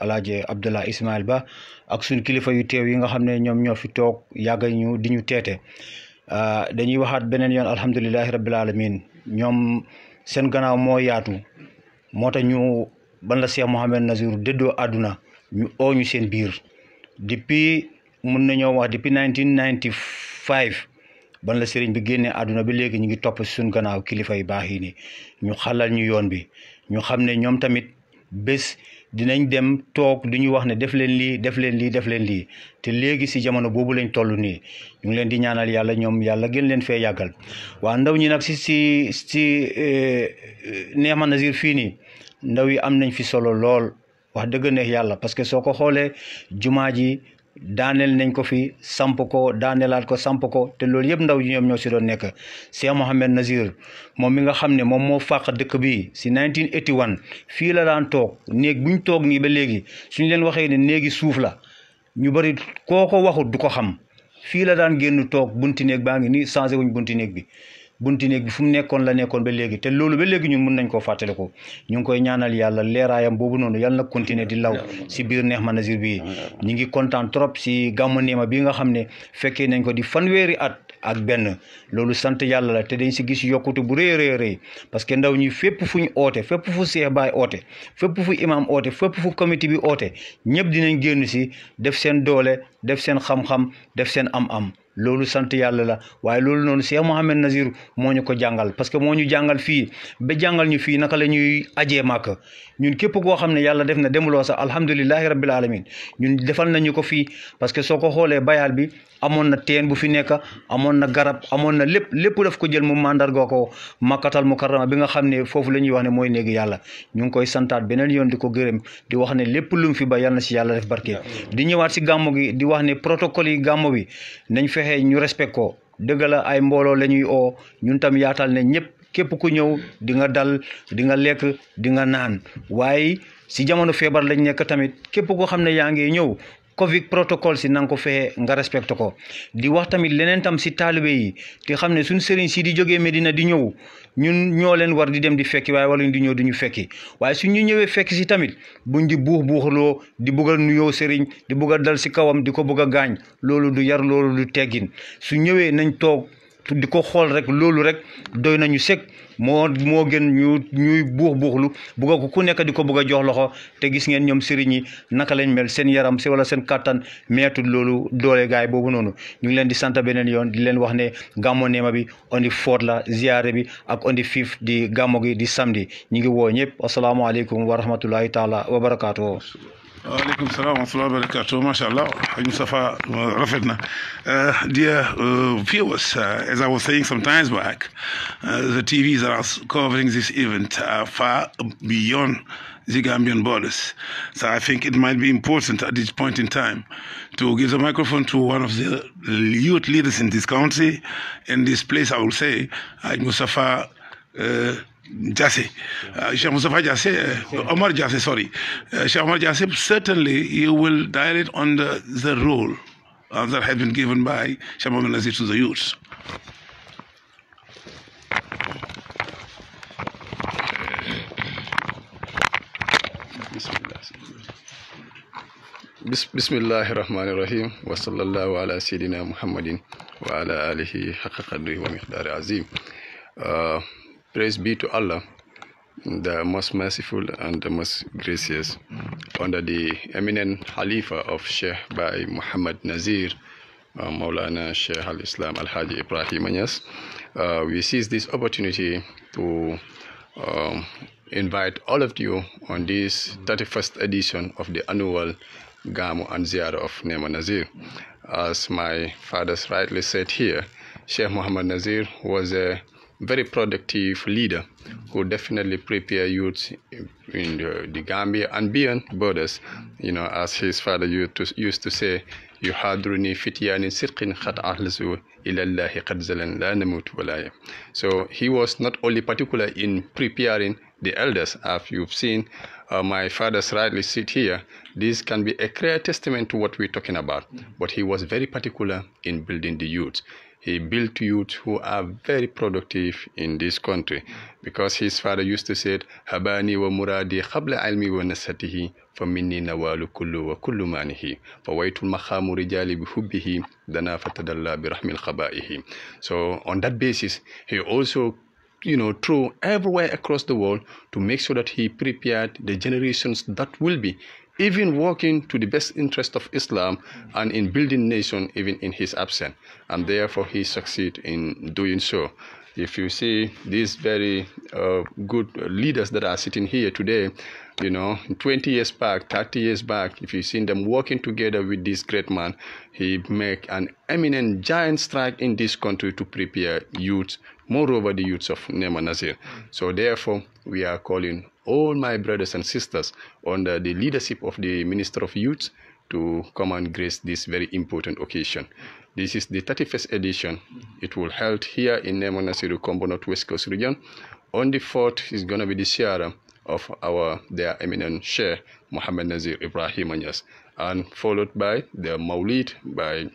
Alaaji Abdallah Ismail Ba. ak suñ kilifa yu teew yi nga xam ne ñoom ñoo fi toog yàgg ñu di ñu teete ah, dañuy waxaat beneen yoon alhamdulilahi rabbil alamin ñoom seen ganaaw moo yaatu moo tax ñu ban la Cheikh Mouhamed Nazir déddoo àdduna ñu oo ñu seen biir depuis mun nañoo wax depuis 1995 ban la sëriñ bi génnee àdduna bi léegi ñu ngi topp suñ ganaaw kilifa yu baax yi ni ñu xalal ñu yoon bi ñu xam ne ñoom tamit bés dinañ dem toog du ñu wax ne def leen lii def leen lii def leen lii te léegi si jamono boobu lañ toll nii ñu ngi leen di ñaanal yàlla ñoom yàlla gën leen fee yàggal waa ndaw ñi nag si si si eh, Nema Nazir fii nii ndaw yi am nañ fi solo lool wax dëgg neex yàlla parce soo ko xoolee jumaa daaneel nañ ko fi samp ko daaneelaat ko samp ko te loolu yëpp ndaw yi ñoom ñoo si doon nekk Cheikh Mohamed Nazir moom mi nga xam ne moom moo fàq dëkk bi si 1981 fii la daan toog néeg bu ñu toog nii ba léegi suñ leen waxee ne néegi suuf la ñu bëri koo ko waxut du ko xam fii la daan génn toog bunti néeg baa ngi nii changé wuñ bunti néeg bi bunti fu mu nekkoon la nekkoon ba léegi te loolu ba léegi ñun mun nañ koo fàttaliku ñu ngi koy ñaanal yàlla leeraayam boobu noonu yàlla na continuer di law si biir neex Nazir bii ñu ngi kontaan trop si gàmmu Nihma bi nga xam ne fekkee nañ ko di fanweeri at ak benn loolu sant yàlla la te dañ si gis yokkute bu rëy rëy rëy parce que ndaw ñi fépp fu ñu oote fépp fu Seex Baay oote fépp fu imam oote fépp fu comité bi oote ñëpp dinañ génn si def seen doole def seen xam def seen am-am lolu sante yalla la waye lolu non Cheikh mohammed Nazir moñu ko jangal, parce que moñu jangal fi be jangal ñu fi naka la ñuy ajee màkk ñun képp ko xam yalla def na demuloo sa alhamdullilah rabbil alamin ñun defal nañu ko fi, parce que soko ko bayal bi amon na teen bu fi nek amon na garab amon na lip lipulaf daf ko jël mu mandar ko makatal mukarrama bi nga xam fofu lañuy wax ne moy neeg yalla ñu ngi koy santat benen yoon di ko di wax ne lepp lu fi ba yalla ci yalla def barké di ñëwaat ci gamu gi di wax ne protocole yi gamu bi nañ fi fexe ñu respect ko ay mbooloo la ñuy oo ñun tam yaatal ne ñëpp képp ku ñëw di nga dal di nga lekk di nga naan waaye si jamono feebar lañ nekk tamit képp koo xam ne yaa ngi ñëw covid protocole si na ko fexe nga respecté ko di wax tamit leneen tam si taalibe yi te xam ne suñ sëriñ si di jógee Medina di ñëw ñun ñoo leen war di dem di fekki waaye wala ñu di ñëw di ñu fekki waaye su ñu ñëwee fekk si tamit buñ di buux buuxloo di bugg a nuyoo sëriñ di bugg a dal si kawam di ko bugg a gaañ loolu du yar loolu du teggin su ñëwee nañ toog di ko xool rek loolu rek doy nañu sëg moo moo gën ñu ñuy buux buuxlu bugga ko ku nekk di ko bëgg a jox loxo te gis ngeen ñoom sëriñ yi naka lañ mel seen yaram si wala seen kattan meetul loolu doole gaay boobu noonu ñu ngi leen di sant beneen yoon di leen wax ne gàmmo neema bi ondi foot la ziyaare bi ak ondi fiif di gàmmo gi di samedi ñu ngi woo ñëpp asalaamaaleykum wa rahmatullahi taala wa barakaatu
waaleykum salaam wa rahmatulah barakatuh macha uh, dear uh, viewers uh, as I was saying some times back the TVs are covering this event far beyond the Gambian borders. So I think it might be important at this point in time to give the microphone to one of the youth leaders in this country, in this place, I will say, Mustafa uh, Jassé, uh, Sheikh Mustafa Jassé, uh, Omar Jassé, sorry. Uh, Sheikh Omar Jassé, certainly you will dilate on the, the role uh, that has been given by Sheikh Muhammad Nazir to the youth.
بسم الله الرحمن الرحيم وصلى الله على سيدنا محمد وعلى آله حق قدره ومقدار عظيم. Praise be to Allah, the most merciful and the most gracious, under the eminent Khalifa of Sheikh by Muhammad Nazir, uh, Maulana Sheikh Al Islam Al Haji Ibrahim Anyas. Uh, we seize this opportunity to um, invite all of you on this 31st edition of the annual Gamu and Ziyara of Nema Nazir. As my fathers rightly said here, Sheikh Muhammad Nazir was a very productive leader who definitely prepare youth in the, uh, the Gambia and beyond borders. You know, as his father used to, used to say, runi فتيان sirkin قد أهلزوا إلى الله قدزلا لا نموت ولا So he was not only particular in preparing the elders, as you've seen uh, my father's rightly sit here. This can be a clear testament to what we're talking about. But he was very particular in building the youth he built youth who are very productive in this country because his father used to say habani wa muradi qabla ilmi wa nasatihi فمني نوال كل وكل مانه فويت المخام رجال بحبه دنا فتدلى برحم خبائه so on that basis he also you know through everywhere across the world to make sure that he prepared the generations that will be even working to the best interest of Islam and in building nation even in his absence. And therefore he succeed in doing so. If you see these very uh, good leaders that are sitting here today, you know, 20 years back, 30 years back, if you've seen them working together with this great man, he make an eminent giant strike in this country to prepare youth, moreover the youths of Nema Nazir. So therefore, we are calling all my brothers and sisters under the leadership of the Minister of Youth to come and grace this very important occasion. This is the 31st edition. It will held here in Nemonasiru Kombo Northwest Coast region. On the 4th is going to be the share of our their eminent Sheikh Muhammad Nazir Ibrahim Anyas and followed by the Maulid by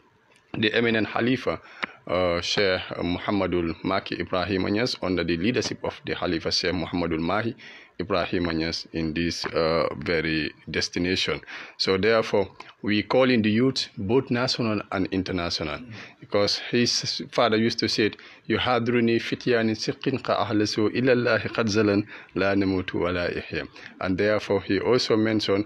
the eminent Khalifa uh, Sheikh Muhammadul Maki Ibrahim Anyas under the leadership of the Khalifa Sheikh Muhammadul Mahi Ibrahimanyas in this uh, very destination. So therefore, we call in the youth, both national and international, because his father used to say, "You hadruni سقين كأهلس إلى الله la لا نموت ولا إحيا. And therefore, he also mentioned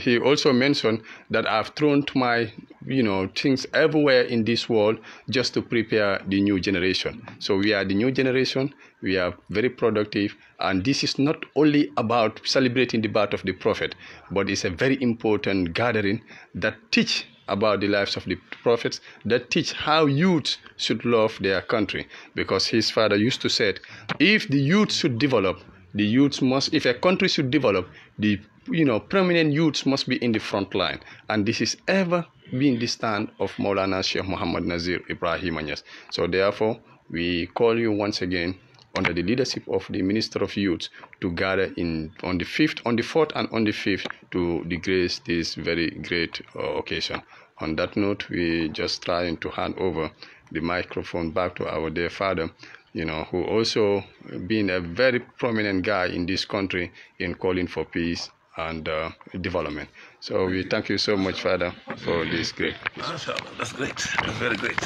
he also mentioned that I've thrown my you know things everywhere in this world just to prepare the new generation. So we are the new generation we are very productive and this is not only about celebrating the birth of the prophet but it's a very important gathering that teach about the lives of the prophets that teach how youth should love their country because his father used to say if the youth should develop the youth must if a country should develop the you know prominent youths must be in the front line and this is ever being the stand of Maulana Sheikh Muhammad Nazir Ibrahim Anyas so therefore we call you once again under the leadership of the Minister of Youth to gather in on the 5th, on the 4th and on the 5th to grace this very great uh, occasion. On that note, we just trying to hand over the microphone back to our dear father, you know, who also been a very prominent guy in this country in calling for peace and uh, development. So we thank you so much, Father, for this great.
That's great. That's very great.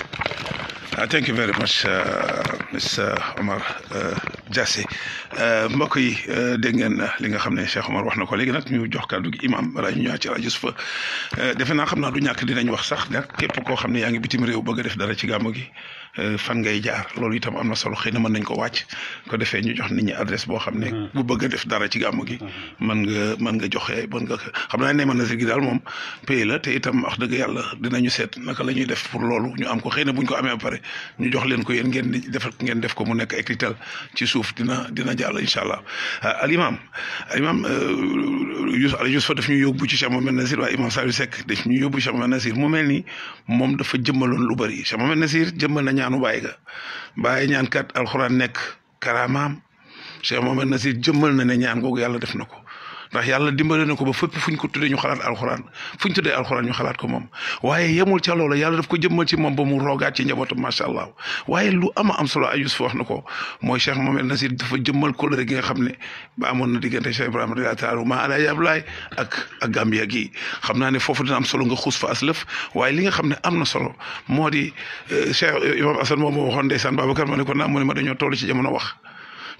Uh, thank you very much uh,
Mr uh, Omar Diassé mbokk yi dégg ngeen li nga xam ne Cheikh Omar wax na ko léegi nag ñu jox kàddu gi imam balaa ñu ñëwaat ci defe naa xam naa du ñàkk dinañ wax sax na képp koo xam ne yaa ngi bitim réew bëgg a def dara ci gàmmu gi Euh, fan ngay jaar loolu itam am na solo xëy na mën nañ ko wàcc ko defee ñu jox nit ñi adresse boo xam bu mm-hmm. bëgg def dara ci gàmm gi mm-hmm. mën nga mën nga joxe mën nga xam naa ne mën na si gi daal moom la te itam wax dëgg yàlla dinañu seet naka la def pour loolu ñu am ko xëy na buñ ko amee ba pare ñu jox leen ko yéen ngeen def ngeen def ko mu nekk écritel ci suuf dina dina jàll incha allah euh, alimam alimam euh, yus ala yus fa daf ñu yóbbu ci Cheikh Mohamed Nasir waaye imam Saliou Seck daf ñu yóbbu Cheikh Mohamed Nasir mu mel ni moom dafa jëmmaloon lu bari Nasir jëmmal nañ ñaanu bàyyi ga bàyyi ñaan kat alxuraan nekk karaamaam Cheikh Mohamed Nasir jëmmal na ne ñaan googu yàlla def na ko ndax yàlla dimbale na ko ba fépp fuñ ko tuddee ñu xalaat alxuraan fuñ ñu tuddee alxuraan ñu xalaat ko moom waaye yemul ca loola yàlla daf ko jëmmal ci moom ba mu roogaat ci njabootam macha allah waaye lu ama am solo ayus Yusuf wax na ko mooy Cheikh Mohamed Nasir dafa jëmmal kóllëre gi nga xam ne ba amoon na diggante Cheikh ibrahim radi taala ma alaaji Ablaay ak ak Gambia gi xam naa ne foofu dina am solo nga xuus fa aslëf waaye li nga xam ne am na solo moo di Cheikh Imam asan moom moo waxoon ndeysaan Babacar ma ne ko naa mu ne ma dañoo toll ci jamono wax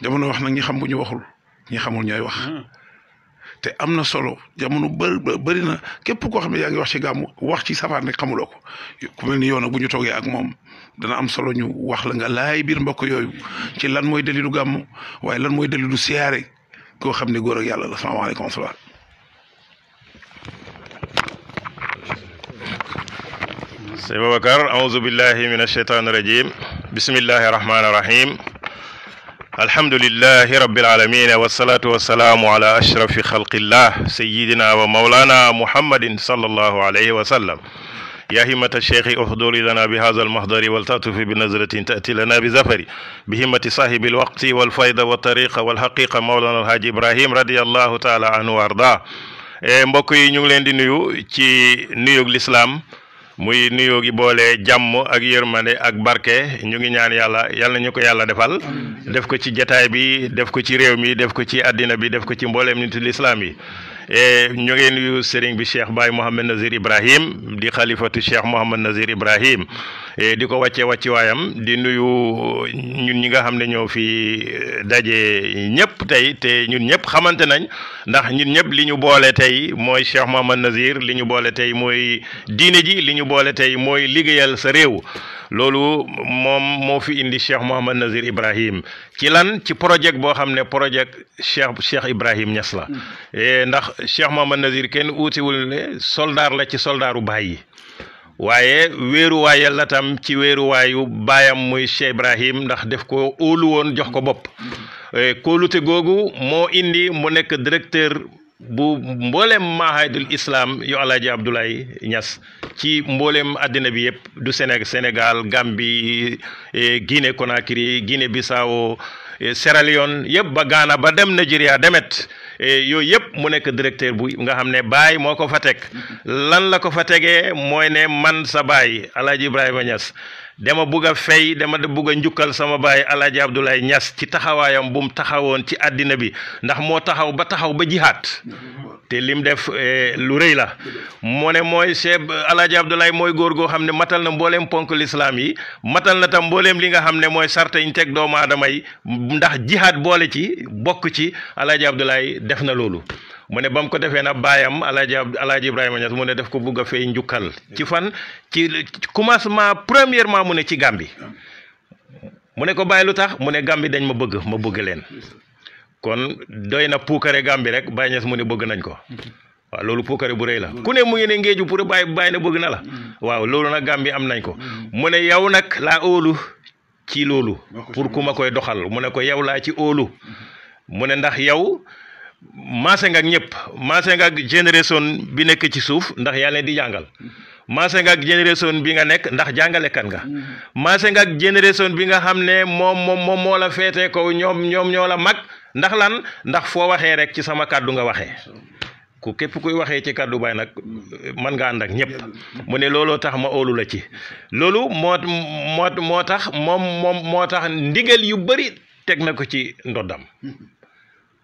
jamono wax nag ñi xam bu ñu waxul ñi xamul ñooy wax te am na solo jamono bë bëri na képp koo xam ne yaa ngi wax ci gàmmu wax ci safaan xamuloo ko ku mel ni yow bu ñu toogee ak mom dana am solo ñu wax la nga laay biir mbokk yooyu ci lan mooy dalilu gàmmu waaye lan mooy dalilu siyaare koo xam ni góor ak yàlla la salaamaaleykum wa rahmatulah.
sëñ Babacar aouzu billahi min acheytaani rajim bismillahi rahmaani rahim. الحمد لله رب العالمين والصلاة والسلام على أشرف خلق الله سيدنا ومولانا محمد صلى الله عليه وسلم
يا همة الشيخ احضر لنا بهذا المحضر والتأتف بنزلة تأتي لنا بزفري بهمة صاحب الوقت والفائدة والطريقة والحقيقة مولانا الحاج إبراهيم رضي الله تعالى عنه وأرضاه إيه، مبكي نيو ñu نيو تي di الإسلام muy nuyoo gi boole jàmm ak yërmande ak barke ñu ngi ñaan yàlla yàlla ñu ko yàlla defal def ko ci jataay bi def ko ci réew mi def ko ci àddina bi def ko ci mbooleem nit lislaam yi e, ñu ngi nuyu sëriñ bi Cheikh Baye Mouhamed Nazir Ibrahim di xalifatu Cheikh Mouhamed Nazir Ibrahim Eh, di ko wàccee wàcci waayam di nuyu ñun ñi nga xam ne ñoo fi eh, daje ñëpp tey te ñun ñëpp xamante nañ ndax ñun ñëpp li ñu boole tey mooy Cheikh Mouhamad Nazir li ñu boole tey mooy diine ji li ñu boole tey mooy liggéeyal sa réew loolu moom moo fi indi Cheikh Mouhamad Nazir Ibrahim ci lan ci projet boo xam ne projet Cheikh Cheikh Ibrahim ñas la mm. eh, ndax Cheikh Mouhamad Nazir kenn uutiwul ne soldaar la ci soldaaru baay yi waaye wéeruwaayal la tam ci wéeruwaayu baayam muy Cheikh Ibrahim ndax def ko óolu woon jox ko bopp mm-hmm. eh, kóolute googu moo indi mu nekk directeur bu mboolem mahadul islam yu alaaji Abdoulaye ñas ci mbooleem àddina bi yëpp du Sénégal Sénégal Gambie eh, Guinée Conakry Guinée Bissau eh, Sierra Leone yëpp ba gaana ba dem Nigeria demet Eh, yooyu yëpp mu nekk directeur bu nga xam ne baay moo ko fa teg lan la ko fa tegee mooy ne man sa baay ibrahim Ibrahima Niass dama bugg a fay dama bugg a njukkal sama baay alaaji Abdoulaye ñas ci taxawaayam bu mu taxawoon ci àddina bi ndax moo taxaw ba taxaw ba jihaat te lim def eh, lu rëy la mu ne mooy chef alaaji Abdoulaye mooy góor goo xam ne matal na mbooleem ponk lislaam yi matal na tam mbooleem li nga xam ne mooy sarte ñu teg doomu aadama yi ndax jihaat boole ci bokk ci alaaji Abdoulaye def na loolu mu ne ba mu ko defee na baayam alaaji alaaji Ibrahima Niass mu ne def ko bugg a fay njukkal ci fan ci commencement premièrement mu ne ci Gàmbi mu ne ko bàyyi lu tax mu ne Gàmbi dañ ma bëgg ma bëgg leen kon doy na puukare Gàmbi rek Baye Niass mu ne bëgg nañ ko waaw loolu puukare bu rëy la ku ne mu ne ngeeju pour bàyyi bàyyi na bëgg na la waaw loolu nag Gàmbi am nañ ko mu ne yow nag laa óolu ci loolu pour ku ma koy doxal mu ne ko yow laa ci óolu mu ne ndax yow Masa nga nyep, masa nga bi nek ci suuf ndax yaa di jangal maase nga bi nga nek ndax jangale kan nga maase generation bi nga xamne ne mom mom mo la fete ko ñom ñom ñola mag ndax lan ndax fo waxe rek ci sama kaddu nga waxe ku kep kuy waxe ci kaddu bay nak man nga andak ak ñëpp mu ne looloo tax ma olu la ci lolu mot mot motax mom mom motax ndigal yu bari tek nako ci ndodam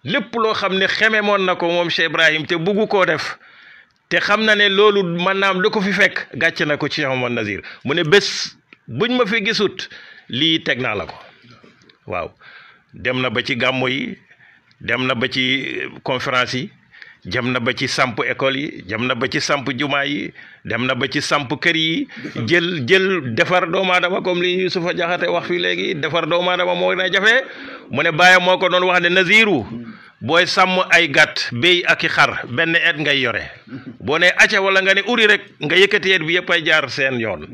lépp loo xam ne xememoon na ko moom Cheikh Ibrahim te bugg koo def te xam na ne loolu am lu ko fi fekk gàcc na ko ci Cheikh na Nazir mu ne bés buñ ma fi gisut lii teg naa la ko waaw dem na ba ci gàmmu yi dem na ba ci conférence yi jëm na ba ci samp école yi jëm na ba ci samp juma yi dem na ba ci samp kër yi jël jël defar doomu dama comme li yusufa jaxate wax fi defar doomu dama mo na jafe mu ne bàyyi moo ko wax ne naziru boy sam ay gat bey ak xar ben et ngay yore bo ne acca wala nga ne uri rek nga yëkëti et bi yëpp ay jaar seen yoon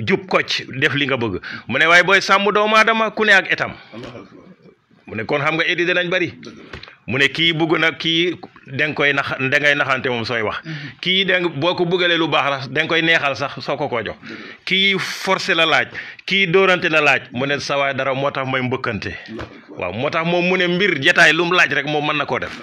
jub koc def li nga bëgg mu ne dama ku ne ak etam mu ne kon xam nga édi dinañ bari mu ne na da koy nax da ngay naxante moom sooy wax mm-hmm. kii danga boo ko bëggalee lu baax la da nga koy neexal sax soo ko koo jox mm-hmm. kii forcé la laaj kii dóorante la laaj mu ne sawaay dara moo tax may mbëkkante mm-hmm. waaw moo tax moom mu ne mbir jataay lu mu laaj rek moom mën na koo def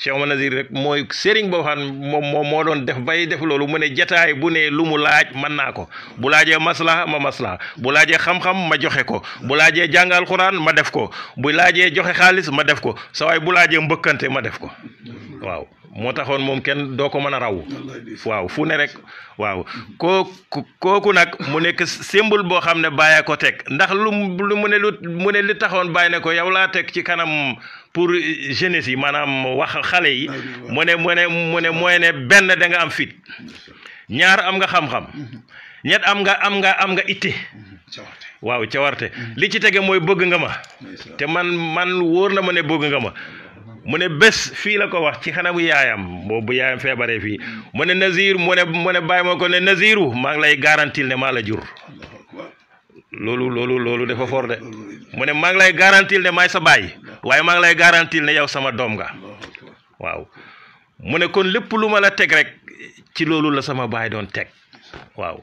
Cheikh Omar Nazir rek mooy sëriñ boo xam moom moom moo doon def bay def loolu mu ne jataay bu ne lu mu laaj man naa ko bu laajee maslaha ma maslaha bu laajee xam-xam ma joxe ko bu laajee jàng alxuraan ma def ko bu laajee joxe xaalis ma def ko sa waay bu laajee mbëkkante ma def ko waaw moo taxoon moom kenn doo ko mën a raw waaw fu ne rek waaw kooku kooku nag mu nekk symbole boo xam ne bàyyee ko teg ndax lu mu ne lu mu ne lu taxoon bàyyi ne ko yow laa teg ci kanam pour jeunesse yi maanaam wax xale yi ah mu ne mu ne mu ne mooy ne benn da nga am fit ñaar am nga xam-xam mhm. ñett am nga am nga am nga itte mhm. waaw cawarte mhm. li ci tege mooy bëgg nga ma te man man wóor na ma ne bëgg nga ma mu ne bés fii la ko wax ci xanamu yaayam boobu yaayam feebaree fii mu ne Nazir mu ne mu ne bàyyi ma ko ne Naziru maa ngi lay garantil ne maa la jur loolu loolu loolu dafa foor de mu ne maa ngi lay garantil ne maay sa baay waaye maa ngi lay garantil ne yow sama doom nga waaw mu ne kon lépp lu ma la teg rek ci loolu la sama baay doon teg waaw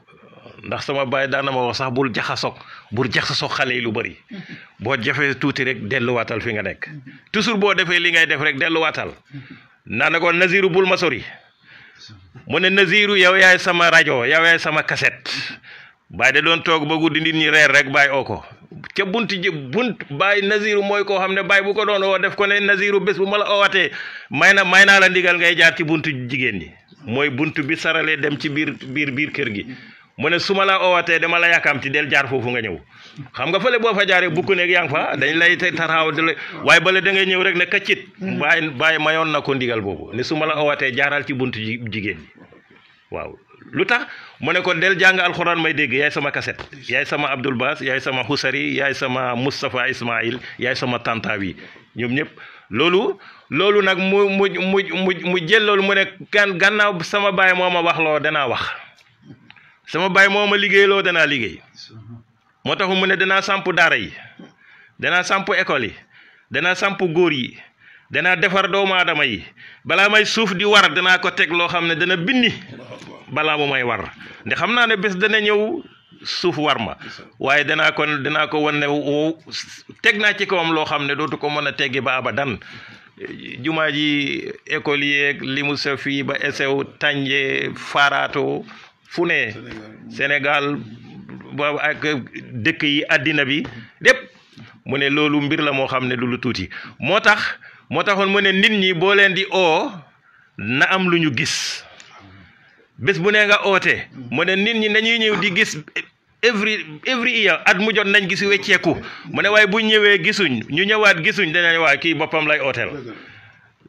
ndax sama baay daan na ma wax sax bul jaxasoog bul jaxasoog xale yi lu bari boo jafee tuuti rek delluwaatal fi nga nekk toujours boo defee li ngay def rek delluwaatal naa ne ko Naziru bul ma sori mu ne Naziru yow yaay sama rajo yow yaay sama kaset baay da doon toog ba guddi nit ñi reer rek baay oo ko ca bunt ji bunt baay naziru mooy koo xam ne baay bu ko doon oo def ko ne naziru bés bu ma la oowatee may may naa la ndigal ngay jaar ci buntu jigéen ñi mooy bunt bi saralee dem ci biir biir biir kër gi mu ne su ma la oowatee dama la yàkkamti del jaar foofu nga ñëw xam nga fële boo fa jaaree bukk neeg yaa ngi fa dañ lay te taraaw waaye bale da ngay ñëw rek ne kaccit baay baay mayoon na ko ndigal boobu ne sumala ma jaaral ci buntu jigéen ñi waaw lu tax mu ko del jang alquran may deg yaay sama kaset yaay sama Abdul Bas, yaay sama Husari yaay sama Mustafa, Ismail yaay sama Tantawi ñom ñep lolu lolu nag mu mu mu mu mu jël lolu mu ne gannaaw sama baye moma wax lo dana wax sama baye moma liggey lo dana liggey motax mu ne dana samp dara yi dana samp école yi dana samp goor yi dana defar dooma adama yi bala may suuf di war dana ko tek lo xamne dana bindi balaa mu may war nde xam naa ne bés dana ñëw suuf war ma waaye danaa ko dinaa ko wan ne teg naa ci kawam loo xam ne dootu ko mën a teggi ba abadan jumaa ji école yeeg li mu sa fii ba esew tànje faaraato fu ne Sénégal ba ak dëkk yi àddina bi dépp mu ne loolu mbir la moo xam ne du lu tuuti moo tax moo taxoon mu ne nit ñi boo leen di oo na am lu ñu gis bés bu nee nga oote mm. mu ne nit ñi dañuy ñëw di gis every every year at mu jot nañ gis wecceeku mu ne waaye bu ñëwee gisuñ ñu ñëwaat gisuñ danañ waa kii boppam lay ooteel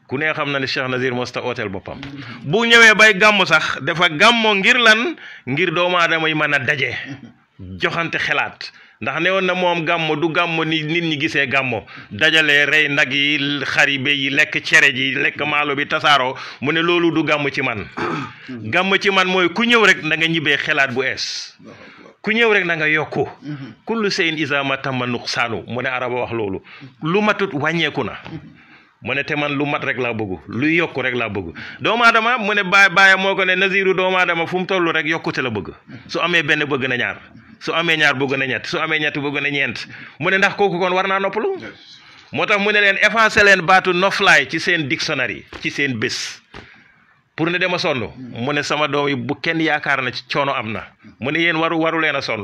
ku ne xam na ne Cheikh Nazir mosta ooteel boppam mm-hmm. bu ñëwee bay gàmm sax dafa gàmmoo ngir lan ngir doomu aadama yi mën a daje mm-hmm. joxante xalaat ndax ne woon na moom gàmm du gàmmo ni nit ñi gisee gàmmo dajalee rey nag yi xaribe yi lekk cere ji lekk maalo bi tasaaroo mu ne loolu du gàmm ci man gàmm ci man mooy ku ñëw rek na nga ñibbee xelaat bu ees ku ñëw rek na nga yokku mm-hmm. kullu seyin isa ma tamma nuqsaanu mu ne araba wax loolu lu matut wàññeeku na mm-hmm. mu ne te man lu mat rek laa bëgg luy yokku rek laa bëgg doomu aadama mu ne baay baay moo ko ne naziru doomu aadama fu mu toll rek yokkute la bëgg su amee benn bëgg na ñaar su amee ñaar bëgg na ñett su amee ñett bëgg na ñeent mu ne ndax kooku kon war naa noppalu moo tax mu ne leen effacé leen baatu noflaay ci seen dictionnaire yi ci seen bés pour ne dema sonn mu ne sama doom yi bu kenn yaakaar na ci coono am na mu ne yéen waru waru leen a sonn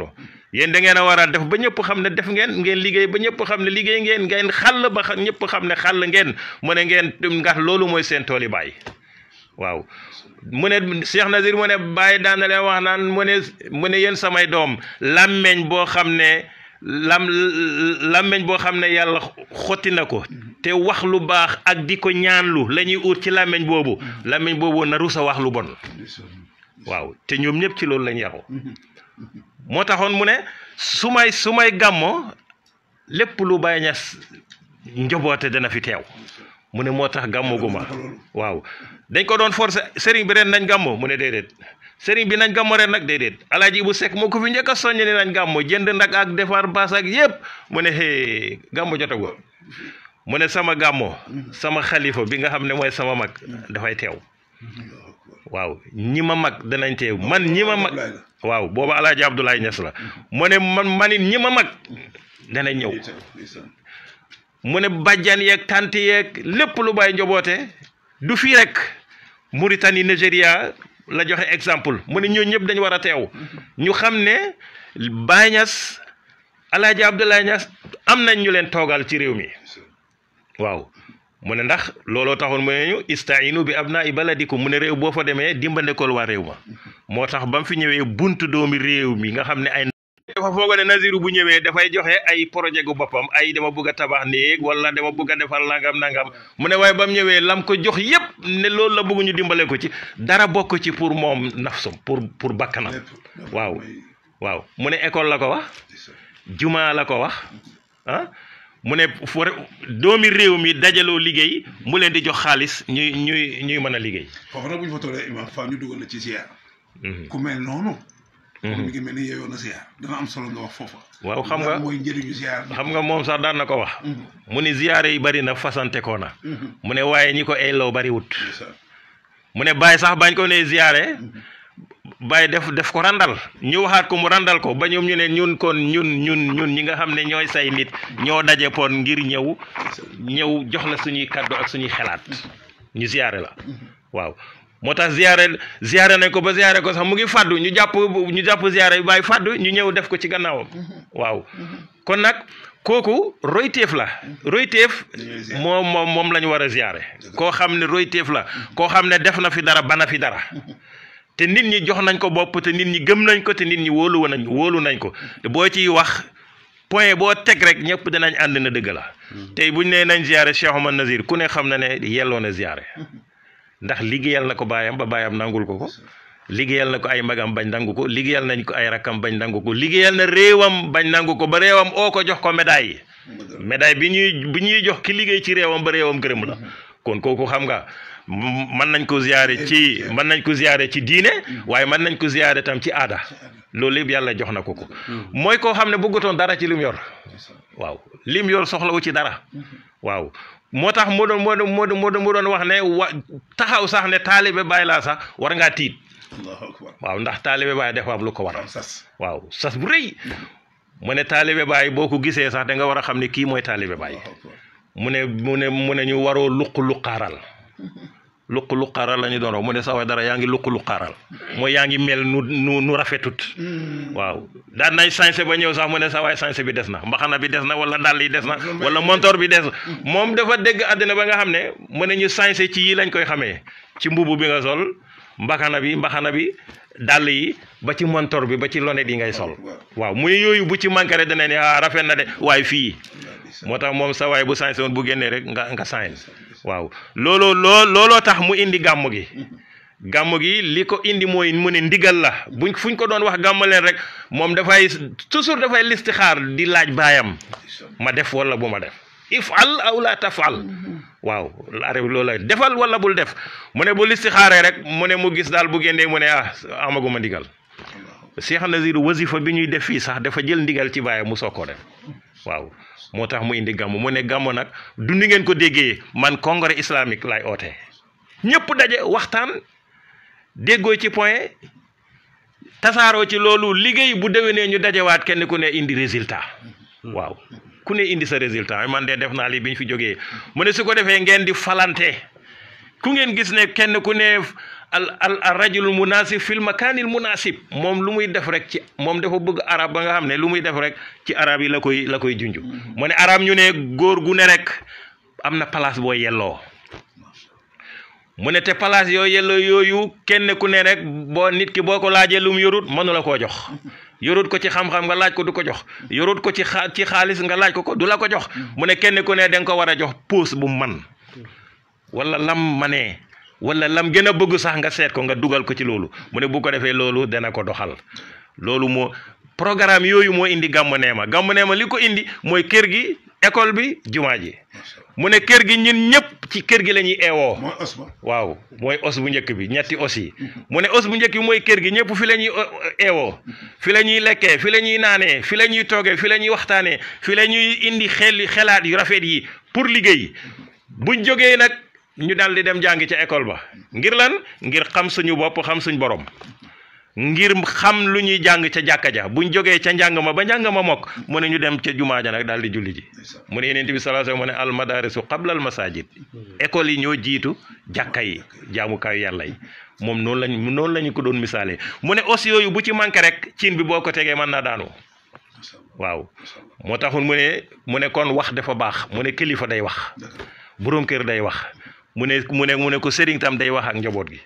yéen da ngeen a war a def ba ñëpp xam ne def ngeen ngeen liggéey ba ñëpp xam ne liggéey ngeen ngeen xàll ba ñëpp xam ne xàll ngeen mu ne ngeen ndax loolu mooy seen tool yi bàyyi waaw mu ne Cheikh Nazir mu ne bàyyi daan leen wax naan mu ne mu ne yéen samay doom làmmeñ boo xam ne lam làmmeñ boo xam ne yàlla xotti na ko te wax lu baax ak di ko ñaan lu lañuy uur ci làmmiñ boobu làmmeñ boobu na rusa wax lu bon waaw te ñoom ñëpp ci loolu lañuy yaru moo taxoon mu ne su may su may gàmmoo lépp lu Baay Ñas njoboote dana fi teew mu ne moo tax gàmmoo gu ma waaw dañ ko doon forcé sëriñ bi ren nañ gàmmoo mu ne déedéet sëriñ bi nañ gàmmo ren nag déedéet alaaji bu sekk moo ko fi njëkk a soññe ne nañ gàmmo jënd ndak ak defar baas ak yépp mu ne xee gàmmo jotagul mu ne sama gàmmo sama xalifa bi nga xam ne mooy sama mag dafay teew waaw ñi ma mag danañ teew man ñi ma mag waaw booba la mu manit ñi ma mag danañ ñëw mu ne bàjjan yeeg tant yeeg lépp lu bàyyi njoboote du fii rek Mauritanie Nigeria la joxe exemple mu ne ñoo ñëpp dañ war a teew ñu xam ne Baye Niass Alaaji Abdoulaye am nañ ñu leen toogal ci réew mi waaw mu ne ndax looloo taxoon mu ne ñu nu bi abnaa i baladikum mu ne réew boo fa demee dimbandekool waa réew ma moo tax ba mu fi ñëwee buntu doomi réew mi nga xam ne ay dafa foog ne Nazirou bu ñëwee dafay joxe ay projet gu boppam ay dama bëgg a tabax néeg wala dama bëgg a defar nangam nangam mu ne waaye ba ñëwee lam ko jox yépp ne loolu la bëgg ñu dimbale ko ci dara bokk ci pour moom nafsum pour pour bakkanam waaw waaw mu ne école la ko wax jumaa la ko wax ah mu ne for doomi réew mi dajaloo liggéey mu leen di jox xaalis ñuy ñuy ñuy mën a liggéey.
foofu nag bu ñu fa na ci ziar. Mhm. ku moom mi ngi ziar dana am solo nga wax foofa waaw xam nga mooy njëriñu ziar
xam nga moom sax daan na ko wax mhm. mu ne ziyaare yi bari na fasante ko na mhm. mu ne waaye ñi ko eyloo bari wut mu ne bàyyi sax bañ ko ne ziyaare mhm. bàyyi def def ko randal ñu waxaat ko mu randal ko ba ñoom ñu ne ñun kon ñun ñun ñun ñi nga xam ne ñooy say nit ñoo daje pon ngir ñëw ñëw jox la suñuy kaddu ak suñuy xalaat ñu ziyaare la waaw moo tax ziyaare ziyaare nañ ko ba ziyaare ko sax mu ngi fàddu ñu jàpp ñu jàpp ziyaare bi bàyyi fàddu ñu ñëw def ko ci gannaawam mm-hmm. waaw mm-hmm. kon nag kooku royteef la mm-hmm. royteef moom moom moom la ñu war a ziyaare koo xam ne royteef la koo xam ne def na fi dara bana fi dara te nit ñi jox nañ ko bopp te nit ñi gëm nañ ko te nit ñi wóolu nañ wóolu nañ ko boo ciy wax point boo teg rek ñëpp danañ ànd na dëgg la tey buñ nee nañ ziyaare Cheikh Omar Nazir ku ne xam na ne yelloo na ziyaare ndax liggéeyal na ko baayam ba baayam nangul ko ko liggéeyal na ko ay magam bañ nangu ko liggéeyal nañ ko ay rakkam bañ ko liggéeyal na réewam bañ nangu ko ba réewam oo ko jox ko médaille medaay bi ñuy bi ñuy jox ki liggéey ci réewam ba réewam gërëm la kon kooku xam nga mën nañ ko ziyaare ci mën nañ ko ziyaare ci diine waaye mën nañ ko ziyaare tam ci aada loolu yëpp yàlla jox na ko ko mooy koo xam ne bëggatoon dara ci lim yor waaw lim yor soxlawu ci dara waaw moo tax mu doon mu doon mu doon wax ne wa taxaw sax ne taalibe bàyyi laa sax war ngaa tiit waaw ndax taalibe bàyyi dafa am lu ko war waaw sas bu rëy mu ne taalibe bàyyi boo ko gisee sax da nga war a xam ne kii mooy taalibe bàyyi mu ne mu ne mu ne ñu waroo luq luqaaral luq luqaaral la ñu doon wax mu ne sax dara yaa ngi luq luqaaral mooy yaa ngi mel nu nu nu rafetut hmm. waaw daan nañ sañse ba ñëw sax mu ne sax waaye sañse bi des na mbaxana bi des na wala dàll yi des na wala montor bi des moom dafa dégg àddina ba nga xam ne mu ne ñu sañse ci yi lañ koy xamee ci mbubu bi nga sol mbaxana bi mbaxana bi dàll yi ba ci montor bi ba ci lonet yi ngay sol waaw mu yooyu bu ci manqué de dana ne ah rafet na de waaye fii moo tax moom sa waay bu sañse woon bu génnee rek nga nga sañse waaw looloo loo looloo tax mu indi gàmm gi gàmm gi li ko indi mooy mu ne ndigal la buñ fuñ ko doon wax gàmm leen rek moom dafay toujours dafay listi xaar di laaj baayam ma def wala bu ma def ifal aw la tafal waaw loolu la defal wala bul def mu ne bu listixaaree rek mu ne mu gis daal bu génnee mu ne ah amaguma ndigal Cheikh Nazir wasifa bi ñuy def fii sax dafa jël ndigal ci baayam mu soog ko def waaw moo tax mu indi gàmmu mu ne gàmmu nag du ni ngeen ko déggee man congrès islamique lay oote ñëpp daje waxtaan déggoo ci point tasaaroo ci loolu liggéey bu déwénee ñu dajewaat kenn ku ne indi résultat waaw ku ne indi sa résultat man de def naa lii bi ñu fi jógee mu ne su ko defee ngeen di falante ku ngeen gis ne kenn ku ne. al al al rajulul munasib fil makaanil munasib moom lu muy def rek ci moom dafa bëgg araab ba nga xam ne lu muy def rek ci arab yi la koy la koy junj mm-hmm. mu ne araab ñu ne góor gu ne rek am na place boo yelloo mu ne te place yoo yelloo yooyu kenn ku ne rek boo nit ki boo ko laajee lum yorut mënu la koo jox mm-hmm. yorut ko ci xam-xam laaj ko du ko jox yorut ko ci ci xaalis nga laaj ko ko du la ko jox mm-hmm. mu ne kenn ku ne da nga ko war a jox pause bu man wala lam manee wala lam gën a bëgg sax nga seet ko nga dugal ko ci loolu mu ne bu ko defee loolu dana ko doxal loolu moo programme yooyu moo indi gàmmu neema gàmmu neema li ko indi mooy kër gi école bi jumaa ji mu ne kër gi ñun ñëpp ci kër gi la ñuy eewoo waaw mooy os bu njëkk bi ñetti os mu ne os bu njëkk mooy kër gi ñëpp fi la ñuy eh, eewoo fi la ñuy lekkee fi la ñuy naanee fi la ñuy toogee fi la ñuy waxtaanee fi la ñuy indi xel xelaat yu rafet yi pour liggéey buñ jógee nag ñu daal di dem jàngi ca école ba ngir lan ngir xam suñu bopp xam suñu borom ngir xam lu ñuy jàng ca jàkka ja bu ñu jógee ca njàng ma ba njàng ma mokk mu ne ñu dem ca jumaa ja nag daal di julli ji mu ne yeneen bi sallallahu alayhi wa sallam mu ne almadarisu qabla al masajid mm-hmm. école yi ñoo jiitu jàkka yi jaamukaayu yàlla moom noonu lañ noonu la ko doon misaalee mu ne aussi yooyu bu ci manqué rek ciin bi boo ko tegee mën naa daanu waaw moo taxul mu ne mu ne kon wax dafa baax mu ne kilifa day wax boroom kër day wax mu ne mu ne mu ne ko sëriñ tam day wax ak njaboot gi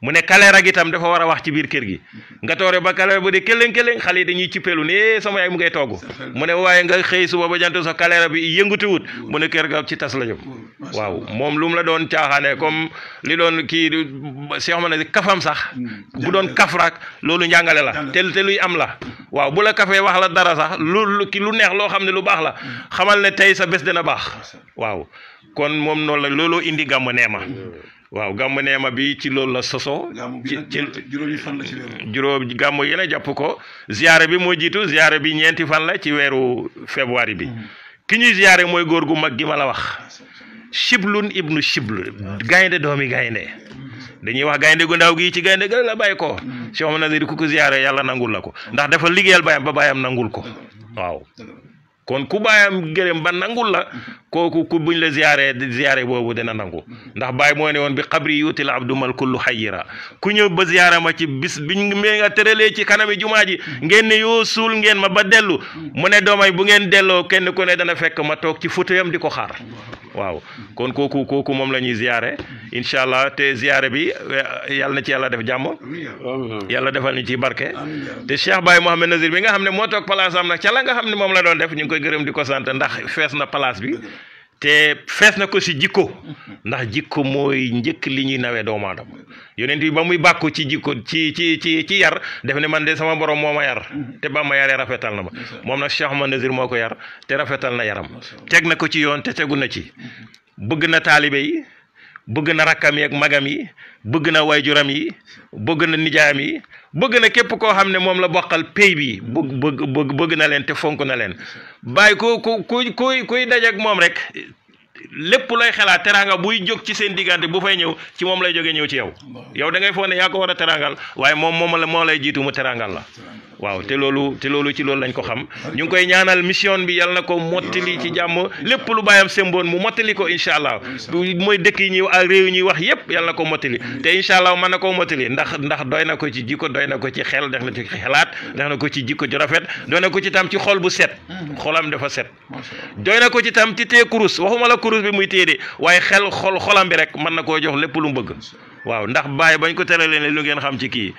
mu ne kaleer ak itam dafa war a wax ci biir kër gi nga toore ba kaleer ba di këlëng këlëng xale yi dañuy cippelu ne eh, sama yaay mu ngay mu ne waaye nga xëy suba ba jant sa kaleera bi yëngutiwut mu ne kër ga ci tas la waaw moom lu la doon caaxaane comme li doon kii si xam ne kafam sax bu doon kaf loolu njàngale la te te luy am la waaw bu la kafee wax la dara sax lu lu neex loo xam ne lu baax la xamal ne tey sa bés dina baax waaw kon moom noonu la looloo indi gàmmu neema mm. waaw gàmmu neema bi ci loolu la soso ci ci fan juróom yi la jàpp ko ziyaare bi moo jiitu ziyaare bi ñeenti fan la ci weeru février bi mm-hmm. ki ñuy ziyaare mooy góor gu mag gi ma la wax shiblun ibnu shibl mm-hmm. gaynde doomi gaynde mm-hmm. dañuy wax gaynde gu ndaw gi ci gaynde gal la bàyyi ko si xam na di ku ko ziyaare yàlla nangul la ko ndax dafa liggéeyal bayam ba bayam nangul ko waaw kon ku bayam gërëm ba nangul la kooku ku buñ la ziyaare ziyaare boobu dina nangu ndax baay moo ne woon bi xabri yuutil abdumal kullu xayira ku ñëw ba ziyaara ma ci bis biñ mi nga tëralee ci kanami jumaa ji ngeen ne yoo suul ngeen ma ba dellu mu ne doomay bu ngeen delloo kenn ku ne dana fekk ma toog ci fauteuilam di ko xaar waaw kon kooku kooku moom la ñuy ziyaare incha allah te ziyaare bi eh, yàlla na ci yàlla def jàmm yàlla defal ñu ci barke te Cheikh Baye Mouhamed Nazir bi nga xam ne moo toog place am nag la nga xam ne la doon def ñu ngi koy gërëm ko sant ndax fees na place bi te fees na ko si jikko ndax jikko mooy njëkk li ñuy nawee doomu aadama yonent ba muy bàkku ci jikko ci ci ci ci yar def ne man de sama borom moo ma yar te ba ma yaree rafetal na ma moom nag Cheikh Ahmad Nazir moo ko yar te rafetal na yaram teg na ko ci yoon te tegu na ci bëgg na taalibe yi bëgg na rakkam yi ak magam yi bëgg na juram yi bëgg na nijaam yi bëgg na képp koo xam ne moom la boqal pay bi bëgg bëgg na leen te fonk na leen bàyyi ku ku ku kuy kuy dajeek moom rek lépp lay xalaat teraanga buy jóg ci seen diggante bu fay ñëw ci moom lay jógee ñëw ci yow yow da ngay foog ne yaa ko war a teraangal waaye moom moom la moo lay jiitu mu teraangal la waaw te loolu te loolu ci loolu lañ ko xam ñu ngi koy ñaanal mission bi yàlla na ko mottali ci jàmm lépp lu bàyyam semboon mu mottali ko incha allah mooy dëkk yi ñuy ak réew ñuy wax yépp yàlla na ko mottali te incha allah man na ko mottali ndax ndax doy na ko ci jikko doy na ko ci xel def na ci xelaat def na ko ci jikko ju rafet doy na ko ci tam ci xol bu set mm. xolam dafa set doy na ko ci tam ti téye kurus waxuma la kurus bi muy téye de waaye xel xol xolam bi rek mën na koo jox lépp bëgg waaw ndax bàyyi bañ ko teralee ne lu ngeen xam ci kii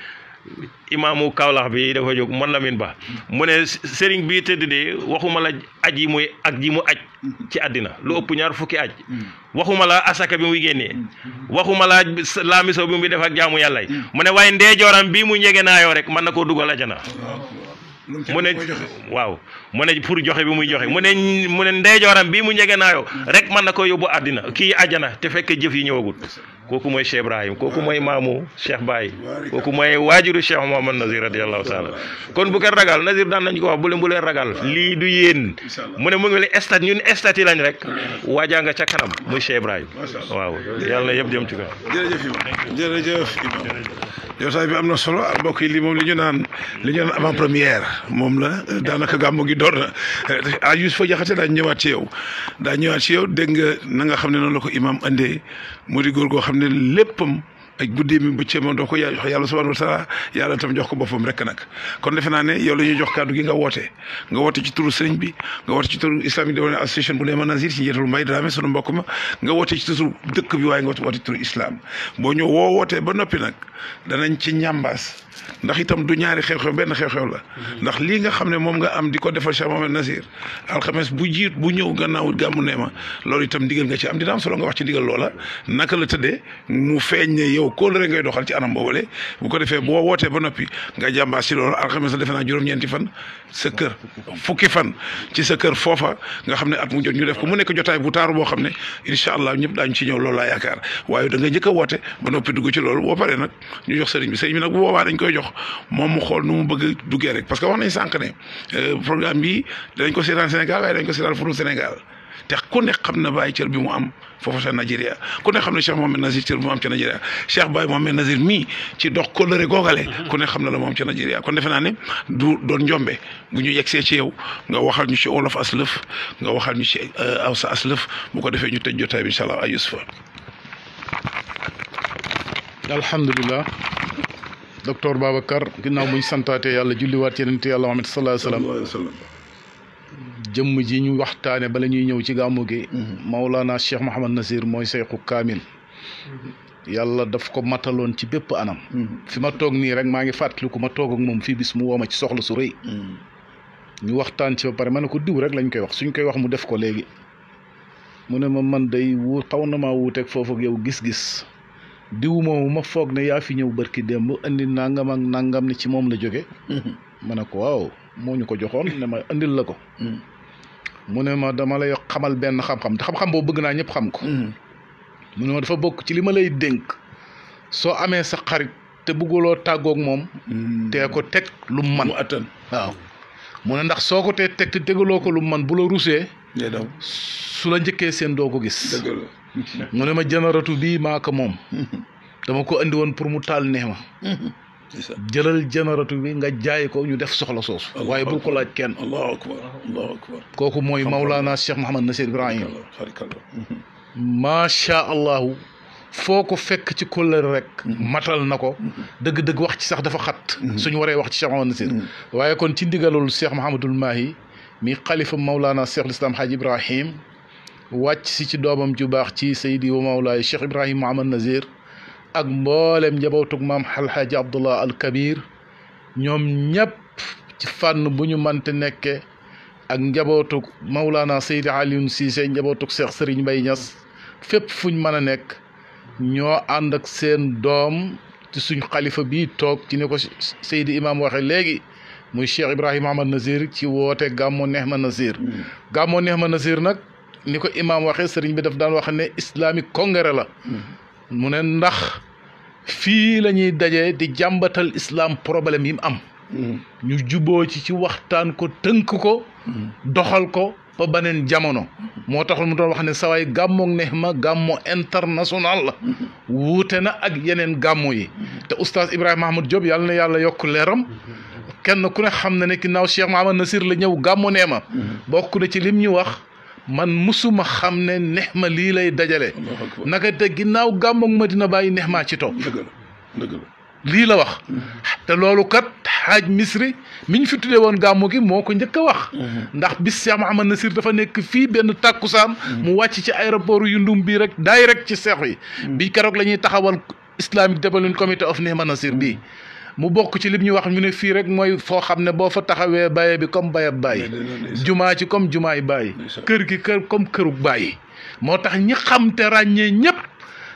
imaamu Kaolack bi dafa jóg man Lamine Ba mu ne sëriñ bii tëdd de waxuma la aj yi muy ak ji mu aj ci àddina lu ëpp ñaar fukki aj waxuma la asaka bi muy génnee waxuma la laamiso bi muy def ak jaamu yàlla yi mu ne waaye ndeejooram bii mu njege naayoo rek mën na koo dugal ajana mu ne waaw mu ne pour joxe bi muy joxe mu ne mu ne ndeejooram bii mu njege naayoo rek mën na ko yóbbu àddina kii ajana te fekk jëf yi ñëwagul koku moy Cheikh Ibrahim koku moy ah. mamou Cheikh Baye koku moy waajuru Cheikh mohammed Nazir radiallahu taala kon bu ko ragal Nazir dan nañ ko wax bu len bu len ragal li du yeen mune mo ngi le estat ñun estat yi lañ rek waja nga ca kanam moy Cheikh Ibrahim waaw yalla yeb dem ci ko
jërëjëf imam jërëjëf imam jotaay bi am na solo mbokk yi li moom li ñu naan li ñu avant première mom la danaka gamu gi dor a ah Youssoupha Diakhaté daañu ñëwaat ci yow daañu ñewat ci yow deeng nga xamne non la ko imam ande mu di góor goo xam ne léppam ak guddi mi bëccëg ma doo ko yaa yàlla subhanahu wa taala yàlla tam jox ko boppam rek nag kon defe naa ne yow la ñuy jox kàddu gi nga woote nga woote ci turu sëriñ bi nga woote ci turu islamique développement association bu Léman Nazir ci njiital Mbaye Dramé sunu mbokk ma nga woote ci turu dëkk bi waaye nga woote ci turu islam boo ñëw woo wootee ba noppi nag danañ ci ñambaas ndax itam du ñaari xew-xew benn xew-xew la ndax lii nga xam ne moom nga am di ko defal Cheikh Mohamed Nazir alxames bu jiit bu ñëw gannaaw gàmmu nee ma loolu itam ndigal nga ci am dina am solo nga wax ci ndigal loola naka la tëddee mu feeñ ne yow yow kóolare ngay doxal ci anam boobale bu ko defee boo wootee ba noppi nga jàmbaas ci loolu alxames la juróom-ñeenti fan sa kër fukki fan ci sa kër foofa nga xam ne at mu jot ñu def ko mu nekk jotaay bu taaru boo xam ne incha allah ñëpp daañu ci ñëw loolu laa yaakaar waaye da nga njëkk a woote ba noppi dugg ci loolu boo paree nag ñu jox sëriñ bi sëriñ bi nag bu boobaa dañ koy jox moom mu xool nu mu bëgg duggee rek parce que wax nañ sànq ne euh, programme bi dañ ko seetaan Sénégal waaye dañ ko seetaan furu Sénégal te ku ne xam na Baye cër bi mu am foofu sa Nigeria ku ne xam ne Cheikh Mohamed Nazir cër bi mu am ca Nigeria Cheikh Baye Mohamed Nazir mii ci dox kóllëre googale ku ne xam na la moom ca Nigeria kon defe naa ne du doon njombe bu ñu yegsee ci yow nga waxal ñu ci olof aslëf nga waxal ñu ci awsa aslëf bu ko defee ñu tëj jotaay bi incha allah ay Yusufa
alhamdulilah docteur Babacar ginnaaw bu ñu santaatee yàlla julliwaat yeneen te yàlla Muhammad sallallahu alayhi wa sallam jëmm ji ñu waxtaane bala ñuy ñëw ci gàmmu gi mm-hmm. Maulana Cheikh Mouhamad Nasir mooy Seexu Kaamil mm-hmm. yàlla daf ko mataloon ci bépp anam mm-hmm. fi ma toog nii rek maa ngi fàttaliku ma toog ak moom fii bis mu wooma ci soxla su rëy ñu waxtaan ci ba pare man ne ko diw rek lañ koy wax suñ koy wax mu def ko léegi mu ne ma man day wu xaw na maa wuuteeg foofu ak yow gis-gis diw moomu ma foog ne yaa fi ñëw barki démb indi nangam nàngam nangam ne ci moom la jóge ma ne ko waaw ko joxoon indil la ko mu ne ma dama lay xamal benn xam-xam te xam-xam boobu bëgg naa ñëpp xam ko. Hmm. mu ne ma dafa bokk ci li ma lay dénk soo amee sa xarit te bëgguloo tàggook moom. Hmm. tee ko teg lu man mu attan waaw. mu ne ndax soo ko tee teg te tegaloo ko lu man bu la rusee. su la njëkkee seen doo ko gis. mu ne ma janaratu bii maa ko moom. Hmm. dama ko indi woon pour mu taal neex ma. jëlal génératu bi nga jaay ko ñu def soxla soosu waaye bul ko laaj
kenn allahu akbar allahu akbar
kooku mooy maulana Cheikh mohammed Nasir Ibrahim macha allahu foo ko fekk ci kóllëre rek matal na ko dëgg-dëgg wax ci sax dafa xat suñu waree wax ci Cheikh mohammed Nasir waaye kon ci ndigalul Cheikh Mouhamadul Mahi mi xalifa maulana Cheikh Lislam Hadj Ibrahim wàcc si ci doomam ju baax ci Seydi wa Mawlaay Cheikh Ibrahim mohammed Nasir ak mboolem njabootug maam alxaaji abdullah al ñoom ñépp ci fànn bu ñu mënte nekke ak njabootug mawlaana seydi aliyun siise njabootug seex sëriñ bay ñas fépp fuñ mën a nekk ñoo ànd ak seen doom ci suñ xalifa bii toog ci ni ko seydi imaam waxe léegi muy cheikh ibrahima ahmad nazir ci woote neex gàmmo nehma nazir mm. gàmmo nehma nazir nag ni ko imaam waxe sëriñ bi daf daan wax ne islamique congrès la mm. mu ne ndax fii lañuy daje di jàmbatal islam problème yi mu am mm. ñu juboo ci ci waxtaan ko tënk ko mm. doxal ko ba baneen jamono moo taxul mu doon wax ne sawaay gàmmoog neex ma gàmmo international la wuute na ak yeneen gàmmoo yi te oustaz Ibrahima Mahmoud Diop yàlla na yàlla yokk leeram kenn ku ne xam na ne ginnaaw Cheikh Mahamad Nasir la ñëw gàmmoo nee ma mm. bokk na ci lim ñu wax man musuma xam ne neex ma lii lay dajale. naka te ginnaaw gàmm ak Madina Baye neex maa ci topp. la lii la wax. te loolu kat xaaj misri mi ñu fi woon gàmmu gi moo ko njëkk a wax. Uh-huh. ndax bis Cheikh Mouhamad Nasir dafa nekk fii benn tàkku saam uh-huh. mu wàcc ci yu yundum bii rek daay rek ci seex yi. Uh-huh. bi keroog la ñuy taxawal Islamic Development Committee of Nehma Nasir bii. mu bokk ci lim ñuy wax ñu ne fii rek mooy foo xam ne boo fa taxawee baye bi comme bayab bàyyi jumaa ci comme yu bàyyi kër gi kër comme kërug bàyyi moo tax ñi xam te ràññee ñëpp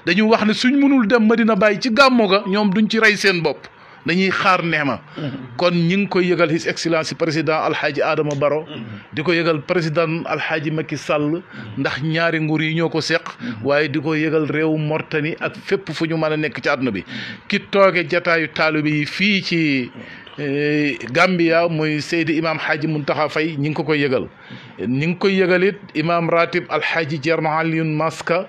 dañu wax ne suñ mënul dem Medina bàyyi ci gàmmu ga ñoom duñ ci rey seen bopp dañuy xaar ma mm-hmm. kon ñi ngi koy yëgal his excellence président alxaaji Adama Baro mm-hmm. di ko yëgal président alxaaji Macky Sall mm-hmm. ndax ñaari nguur yi ñoo ko seq waaye di ko yëgal réew Mortani ak fépp fu ñu mën a nekk ci àdduna bi ki tooge jataayu taalibe bi fii ci eh, Gambia muy Seydi Imam Hadji Muntaxa Fay ñi ngi ko koy yëgal ñi ngi koy yëgal it imaam ratib alxaaji Thierno Alioune Maska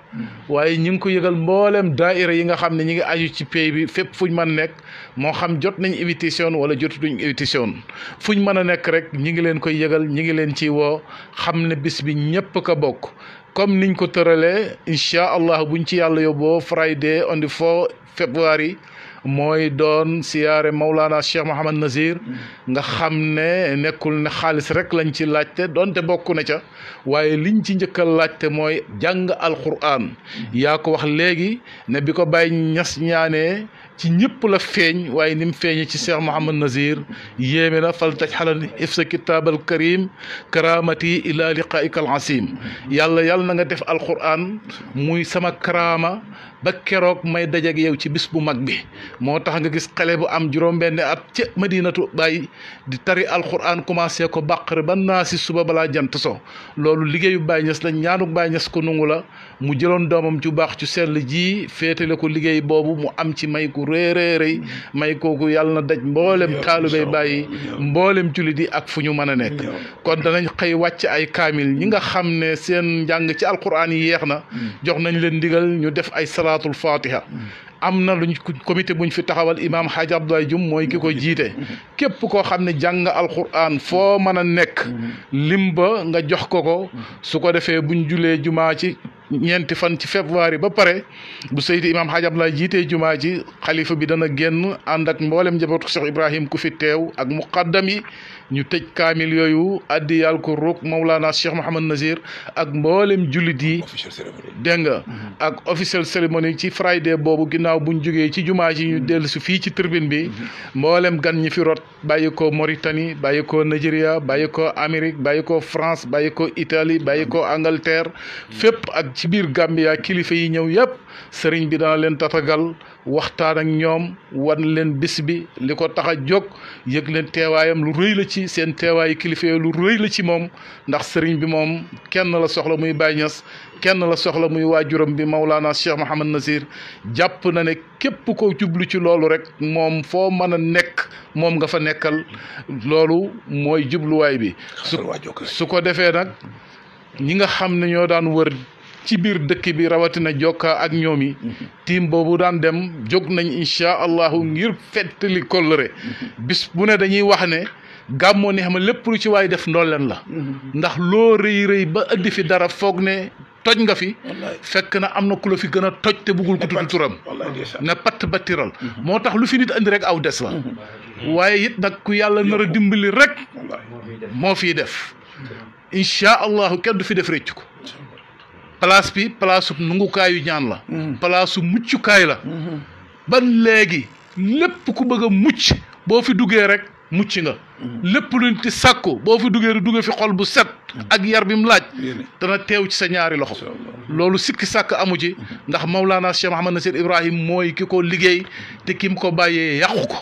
waaye ñi ngi ko yëgal mboolem daaira yi nga xam ne ñi ngi aju ci pays bi fépp fuñ mën nekk moo xam jot nañ invitation wala jotutuñ invitation fuñ mën a nekk rek ñi ngi leen koy yëgal ñi ngi leen ci woo xam ne bis bi ñëpp ka bokk comme niñ ko tëralee incha allah buñ ci yàlla yóbboo Friday on foo 4 February mooy doon siyaare Maulana Cheikh Mouhamad Nazir mm. nga xam ne nekkul ne xaalis rek lañ ci laajte donte bokk na ca waaye liñ ci njëkk laajte mooy jàng alquran mm. yaa ko wax léegi ne bi ko bàyyi ñas ñaanee ci ñepp la feñ waaye nim feñ ci cheikh mohammed nazir yeme na fal taj ifsa kitab al karim karamati ila liqaika al asim yalla yalla nga def qur'an muy sama karama ba kérok may ak yow ci bis bu mag bi moo tax nga gis xalé bu am juróom-benn at ci madinatu bay di tari qur'an commencé ko bakr ban nasi si suba bala jant so lolou ligéyu bay ñess la ñaanuk bay ñess ko nungula mu jëlon domam ci bax ci sel ji fétalé ko ligéy bobu mu am ci may ko réeréeréy may kooku yàlla na daj mboolem taalubay bàyyi mboolem jullit yi ak fu ñu mën a nekk kon danañ xëy wàcc ay kaamil ñi nga xam ne seen njàng ci alquran yi yeex na mm. jox nañ leen ndigal ñu def ay salaatul fatiha mm. am na luñ comité buñ fi taxawal imaam Hadj Abdoulaye Dioum mooy ki ko jiite mm. képp koo xam ne jàng alquran foo mën a nekk lim ba nga jox ko ko su ko defee buñ julee jumaa ci ñeenti fan ci février ba pare bu seydi imaam Hadj Abdoulaye jiitee jumaa ji xalifa bi dana génn ànd ak mboolem njabootu Cheikh Ibrahim ku fi teew ak muqaddam yi ñu tëj kaamil yooyu addi yàlla ko laa naa Cheikh Mouhamad Nazir ak mboolem jullit yi. dégg nga ak officiel cérémonie ci Friday boobu ginnaaw buñ jógee ci jumaa ji ñu dellu si fii ci tribune bi mboolem gan ñi fi rot bàyyi ko Mauritanie bàyyi ko Nigeria bàyyi ko Amérique bàyyi ko France bàyyi ko Italie bàyyi ko Angleterre fépp ak ci biir Gambia kilifa yi ñëw yëpp sëriñ bi dana leen tatagal. waxtaan ak ñoom wan leen bis bi li ko tax a jóg yëg leen teewaayam lu rëy la ci seen teewaayu kilifa lu rëy la ci moom ndax sëriñ bi moom kenn la soxla muy Baye kenn la soxla muy waajuram bi Maulana Cheikh Mouhamad Nasir jàpp na ne képp ko jublu ci loolu rek moom foo mën a nekk moom nga fa nekkal loolu mooy jubluwaay bi. su su ko defee nag ñi nga xam ne ñoo daan wër. ci biir dëkk bi rawatina jokka ak ñoom yi tiim boobu daan dem jóg nañ incha allahu ngir fettali kollëre bis bu ne dañuy wax ne gàmmoo neex ma lépp lu ci waaye def ndolleen la ndax loo rëy rëy ba ëddi fi dara foog ne toj nga fi fekk na am na ku la fi gën a toj te bëggul ko tudd turam na patt ba moo tax lu fi nit andi rek aw des la waaye it nag ku yàlla nar a dimbali rek moo fi def incha allahu kenn du fi def réccu ko place bi palaasu su nungukaayu ñaan la. Mm-hmm. place su muccukaay la. Mm-hmm. ba léegi lépp ku bëgg mucc boo fi duggee rek mucc nga. Mm-hmm. lépp lu nit sàkku boo fi duggee duggee fi xol bu set. ak yar bi mu laaj. dana teew ci sa ñaari loxo. loolu sikki sàkk amu ci ndax Maulana Cheikh Mouhamed Nasir Ibrahim mooy ki ko liggéey te ki ko bàyyee yàqu ko.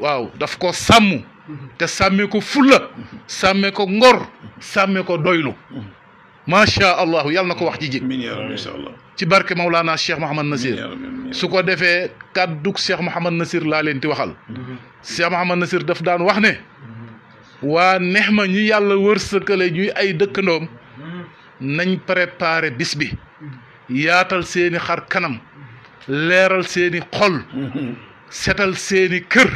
waaw daf ko sàmmu te sàmmee ko fulla sàmmee ko ngor sàmmee ko doylu. macha allah yàlla na ko wax ci ji. ci barke Maulana Cheikh Mouhamad Nasir. su ko defee kàddug Cheikh Mouhamad Nasir laa leen di waxal. Cheikh Mouhamad Nasir daf daan wax ne. waa neex ma ñi yàlla wërsëgale ñuy ay dëkkandoom. nañ préparé bis bi. yaatal seeni xar kanam. leeral seeni xol. setal seeni kër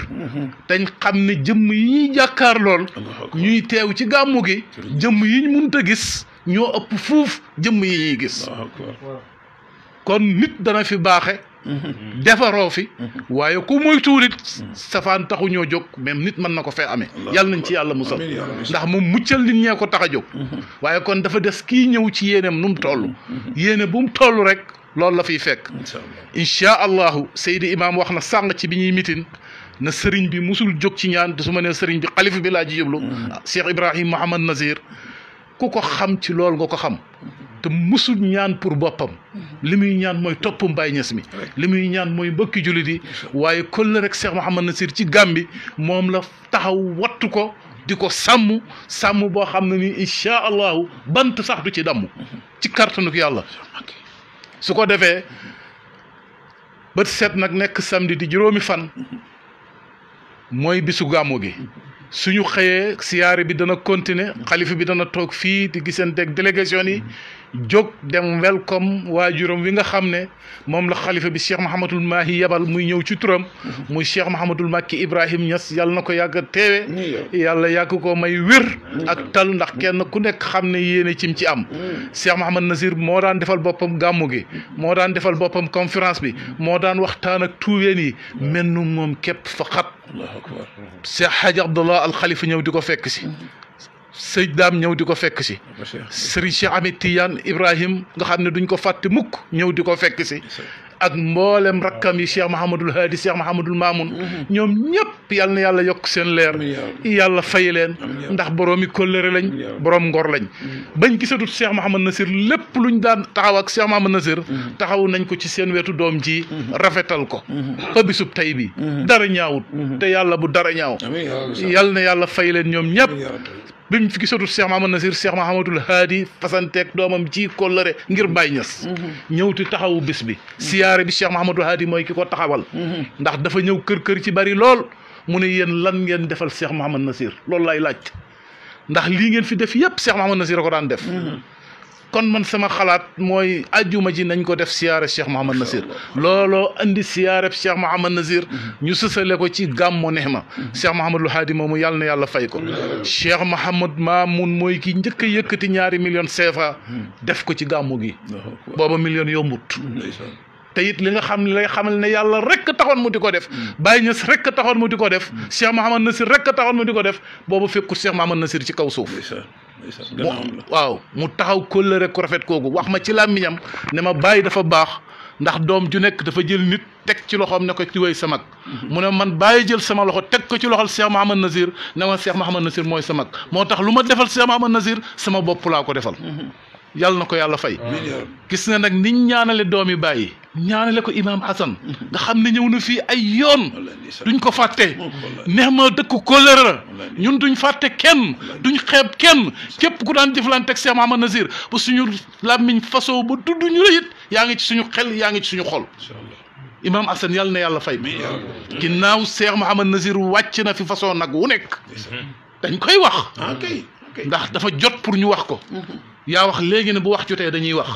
dañ xam ne jëmm yi ñuy jàkkaar lool ñuy teew ci gàmmu gi jëmm yi ñu mënut gis ñoo ëpp foofu jëmm yi ñuy gis kon nit dana fi baaxe mhm. defaroo fi mhm. waaye ku muy tuurit mhm. safaan taxu ñoo jóg même nit mën na ko fee amee yàlla nañ ci yàlla musal ndax mu muccal nit ñee ko tax a jóg waaye kon dafa des kii ñëw ci yéeneem nu mu toll yéene bu mu toll rek loolu la fiy fekk incha allahu seydi imaam wax na sàng ci bi ñuy mitin na sëriñ bi musul jóg ci ñaan te su ma nee sëriñ bi xalifa bi laa ji jublu Cheikh Ibrahim Mouhamad Nazir ku ko xam ci lool nga ko xam te musul ñaan pour bopam limuy ñaan moy top mbay ñes mi limuy ñaan moy mbëkki julidi waye kol rek cheikh mohammed nasir ci gambi mom la taxaw wattu ko diko sammu sammu bo xamni ni insha allahu bant sax du ci damm ci kartanuk yalla su ko defé set nak nek samedi di juromi fan moy bisu gàmmu gi suñu xëyee siyaare bi dana continuer xalifa bi dana toog fii di deg délégation yi jóg dem welcome wajurum wi nga xamne mom la khalifa bi cheikh mohammedul mahi yabal muy ñëw ci turam muy cheikh mohammedul makki ibrahim ñass yàlla nako yag teewe yàlla yàgg ko may wir ak tal ndax kenn ku nek xamne yene ci ci am cheikh mohammed nasir mo daan defal bopam gamu gi mo daan defal bopam conférence bi mo daan waxtaan ak tuubeen yi mel nu moom képp faqat cheikh xaaji abdullah al xalifa ñëw diko fekk ci sëñ daam ñëw di ko fekk si sëriñ Cheikh Ahmed Tidiane Ibrahim nga xam ne duñ ko fàtte mukk ñëw di ko fekk si ak mboolem rakkam yi Cheikh Mahamadul Hadi Cheikh Mahamadul Mamoun mhm. ñoom ñëpp yal na yàlla yokk seen leer yàlla fay leen ndax boroomi kóllëre lañ boroom ngor lañ mhm. bañ gisatut Cheikh Mahamad Nasir lépp luñ daan taxaw ak Cheikh Mahamad Nasir mhm. taxaw nañ ko ci seen wetu doom ji rafetal ko ba bisub tey bi dara ñaawut te yàlla bu dara ñaaw yal yàlla fay leen ñoom ñëpp biñ fi gisatu Cheikh Mahamad Nasir Cheikh Mahamadul Haadi fasanteeg doomam ji kóllëre ngir Baye Niass mm-hmm. ñëw ti taxawu bis bi mm-hmm. siyaare bi Cheikh Mahamadul Haadi mooy ki ko taxawal mm-hmm. ndax dafa ñëw kër kër ci bari lool mu ne yéen lan ngeen defal Cheikh Mahamad Nasir loolu lay laaj ndax lii ngeen fi def yëpp Cheikh Mahamad Nasir a ko daan def kon man sama xalaat mooy ajjuma ji nañ ko def siyaare Cheikh Mouhamad nasir looloo andi siyaare Cheikh Mouhamad nasir ñu sësale ko ci gàmmu Nihma Cheikh Mouhamadul Haadi moomu yàlla na yàlla fay ko Cheikh Mouhamad Mamoun mooy ki njëkk a yëkkati ñaari million CFA def ko ci gàmmu gi booba million yombut te it li nga xam li lay xamal ne yàlla rek taxoon mu di ko def Baye Niass rek taxoon mu di ko def Cheikh Mouhamad nasir rek taxoon mu di ko def booba fekkul Cheikh Mouhamad nasir ci kaw suuf waaw mu taxaw kóllëre ku rafet kooku wax ma ci làmmiñam ne ma bàyyi dafa baax ndax doom ju nekk dafa jël nit teg ci loxoom ne ko ci woy samag mhm. mu ne man bàyyi jël sama loxo teg ko ci loxol Cheikh Mahamad Nazir ne ma seex Cheikh Mahamad Nazir mooy samag moo tax lu ma defal Cheikh Mahamad Nazir sama bopp laa ko defal mhm. yàlla na ko yàlla fay gis nga nag niñ ñaanale doomi bàyyi ñaanale ko imam hasan nga xamné ne ñëw na fii ay yoon duñ ko faté neex ma dëkk kolera ñun duñ faté kenn duñ xeb kenn képp ku daan jëflante ak cheikh seema nazir bu suñu lamiñ faso bu tuddu ñu la it yaa ci suñu xel yaa ngi ci suñu xol imam hasan yàlla na yàlla fay ginnaaw cheikh mohamad nazir wàcc na fi faso nak wu nek dañ koy wax ndax dafa jot pour ñu wax ko ya wax légui ne bu wax jotee dañuy wax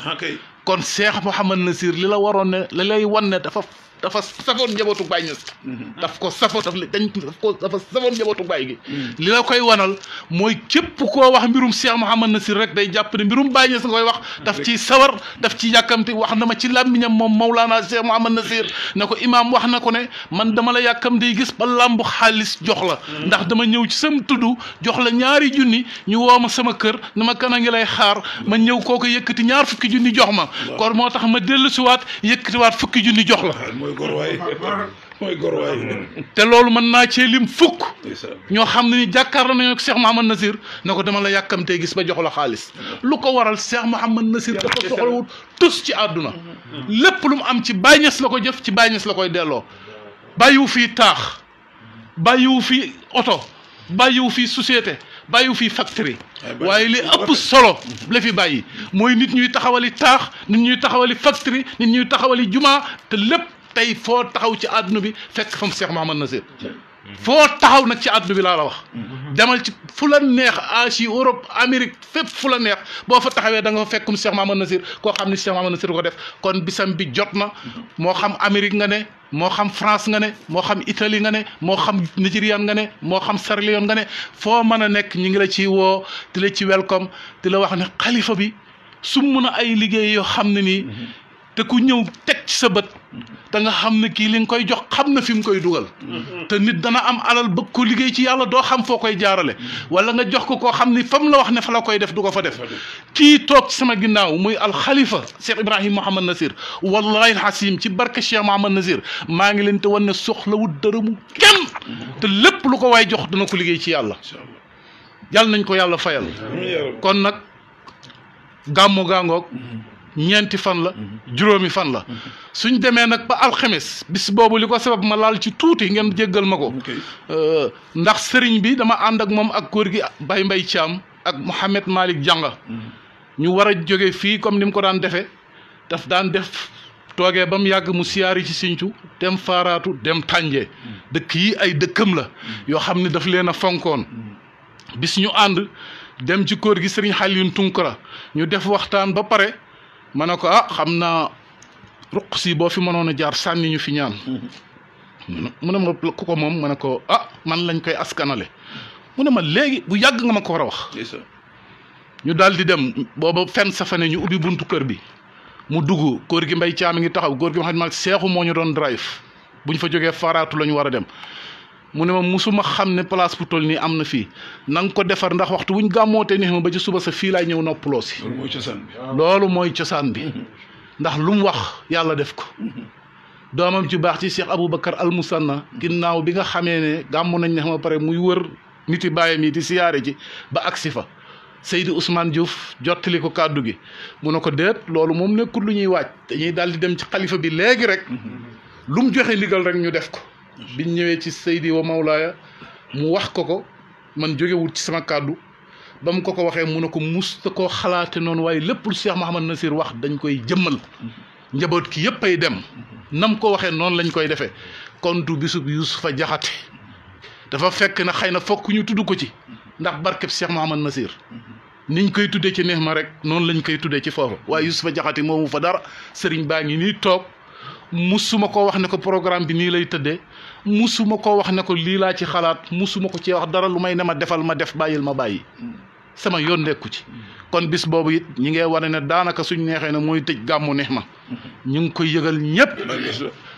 kon Cheikh mohammed Nasir lila warone lalay wonne dafa dafa safoon njabootu Baay Ñas mhm. daf ko safoo daf dañ daf ko dafa safoon njabootu Baay gi mhm. li la koy wanal mooy képp koo wax mbirum Cheikh Mouhamad Nasir rek day jàpp ne mbirum Baay Ñas nga koy wax daf ci sawar daf ciy yàkkamti wax na ma ci làmmiñam moom Mawlaana Cheikh Mouhamad Nasir ne ko imaam wax na ko ne man dama lay yàkkam day gis ba làmb xaalis jox la mhm. ndax dama ñëw ci sam tudd jox la ñaari junni ñu woo ma sama kër na ma kana ngi lay xaar ma ñëw kooku yëkkati ñaar fukki junni jox ma kon moo tax ma dellusiwaat yëkkatiwaat fukki junni jox la
mooy gor mooy
te loolu mën naa cee lim fukk ñoo xam ne ni jàkkaarloo nañu seex Cheikh Mouhamad Nasir na ko dama la yàkkamtee gis ba jox la xaalis lu ko waral seex Cheikh Mouhamad Nasir dafa soxlawul tus ci àdduna lépp lu mu am ci bàyñes la ko jëf ci bàyñes la koy delloo bàyyiwu fii taax bàyyiwu fii oto bàyyiwu fii société bàyyiwu fii factory waaye li ëpp solo la fi bàyyi mooy nit ñuy taxawali taax nit ñuy taxawali factory nit ñuy taxawali jumaa te lépp tey foo taxaw ci àdduna bi fekk fa mu Cheikh Mouhamad Nasir foo taxaw na ci àdduna laa la wax demal ci fu la neex Asie Europe Amérique fépp fu la neex boo fa taxawee da nga fa fekkum Cheikh Mouhamad Nasir koo xam ne Cheikh Mouhamad Nasir ko def kon bisam bi jot na moo xam Amérique nga ne moo xam France nga ne moo xam Italie nga ne moo xam Nigérian nga ne moo xam Sierra Leone nga ne foo mën a nekk ñu ngi la ciy woo di la ci welcome di la wax ne xalifa bi su mun a ay liggéey yoo xam ne nii te ñëw teg ci sa bët te nga xam ne kii li koy jox xam na fi mu koy dugal te nit dana am alal bëgg ko liggéey ci yàlla doo xam foo koy jaarale wala nga jox ko koo xam ni fam la wax ne fa la koy def du ko fa def kii toog sama ginnaaw muy alxalifa Cheikh Ibrahim Mouhamad Nasir wallahi alxasim ci barke Cheikh Mouhamad Nasir maa ngi leen te wan ne soxlawut dërëmu kenn te lépp lu ko waay jox dana ko liggéey ci yàlla yàlla nañ ko yàlla fayal kon nag gàmmu gàngoog ñeenti fan la mhm. juróomi fan la mhm. suñ demee nag ba alxames bis boobu li ko sabab ma laal ci tuuti ngeen jéggal ma ko euh, ndax sëriñ bi dama ànd ak moom ak kóor gi Baye Mbaye Thiam ak Mouhamed Malick Janga mhm. ñu war a jóge fii comme ni mu ko daan defee daf daan def toogee ba mu yàgg mu siyaari ci sincu dem faaraatu dem tànjee dëkk yi ay dëkkam la yoo xam ne daf leen a fonkoon bis ñu ànd dem ci kóor gi sëriñ Xaliyun Tunkara ñu def waxtaan ba pare ma ne ko ah xam naa ruq si boo fi mënoon a jaar sànniñu fi ñaan mu ne ma ku ko moom ma ne ko ah man lañ koy askanale mu ne ma léegi bu yàgg nga ma ko war a wax ñu daal di dem booba fenn safane ñu ubbi buntu kër bi mu dugg góor gi mbay caami ngi taxaw góor gi ma xam ne seexu moo ñu doon drive bu ñu fa jógee faaraatu la ñu war a dem mu ne ma musuma xam ne place bu toll nii am na fii na nga ko defar ndax waxtu wuñ gàmmootee ni ma ba ci suba sa fii laay ñëw noppaloo si loolu mooy cosaan bi ah. ndax lu mu wax yàlla def ko doomam ci baax ci cheikh aboubacar al musanna ginnaaw bi nga xamee ne gàmm nañ ne ma pare muy wër niti bàyyam yi di siyaare ji ba akshifa. fa Seydou Ousmane Diouf jottali ko kàddu gi mu ne ko déet loolu moom nekkul lu ñuy waaj dañuy daal di dem ci xalifa bi léegi rek mm-hmm. lu mu joxe ligal rek ñu def ko biñ ñëwee ci Seydi wa Mawlaaya mu wax ko ko man jógewul ci sama kàddu ba mu ko ko waxee mu ne ko musta ko xalaate noonu waaye lépp lu Cheikh Mouhamad Nasir wax dañ koy jëmmal njaboot ki yëpp ay dem nam ko waxee noonu lañ koy defee kontu bisub Yusufa Jaxate dafa fekk na xëy na fokk ñu tudd ko ci ndax barkeb Cheikh Mouhamad Nasir niñ koy tuddee ci neex ma rek noonu lañ koy tuddee ci foofu waaye Yusufa Jaxate moomu fa dara sëriñ baa ngi nii toog musuma koo wax ne ko programme bi nii lay tëddee musuma ko wax ne ko lii laa ci xalaat musuma ko ci wax dara lu may ne ma defal ma def bàyyil ma bàyyi sama yoon nekku ci kon bis boobu it ñi ngay wane ne daanaka suñ neexee ne mooy tëj gàmmu neex ma ñu ngi koy yëgal ñëpp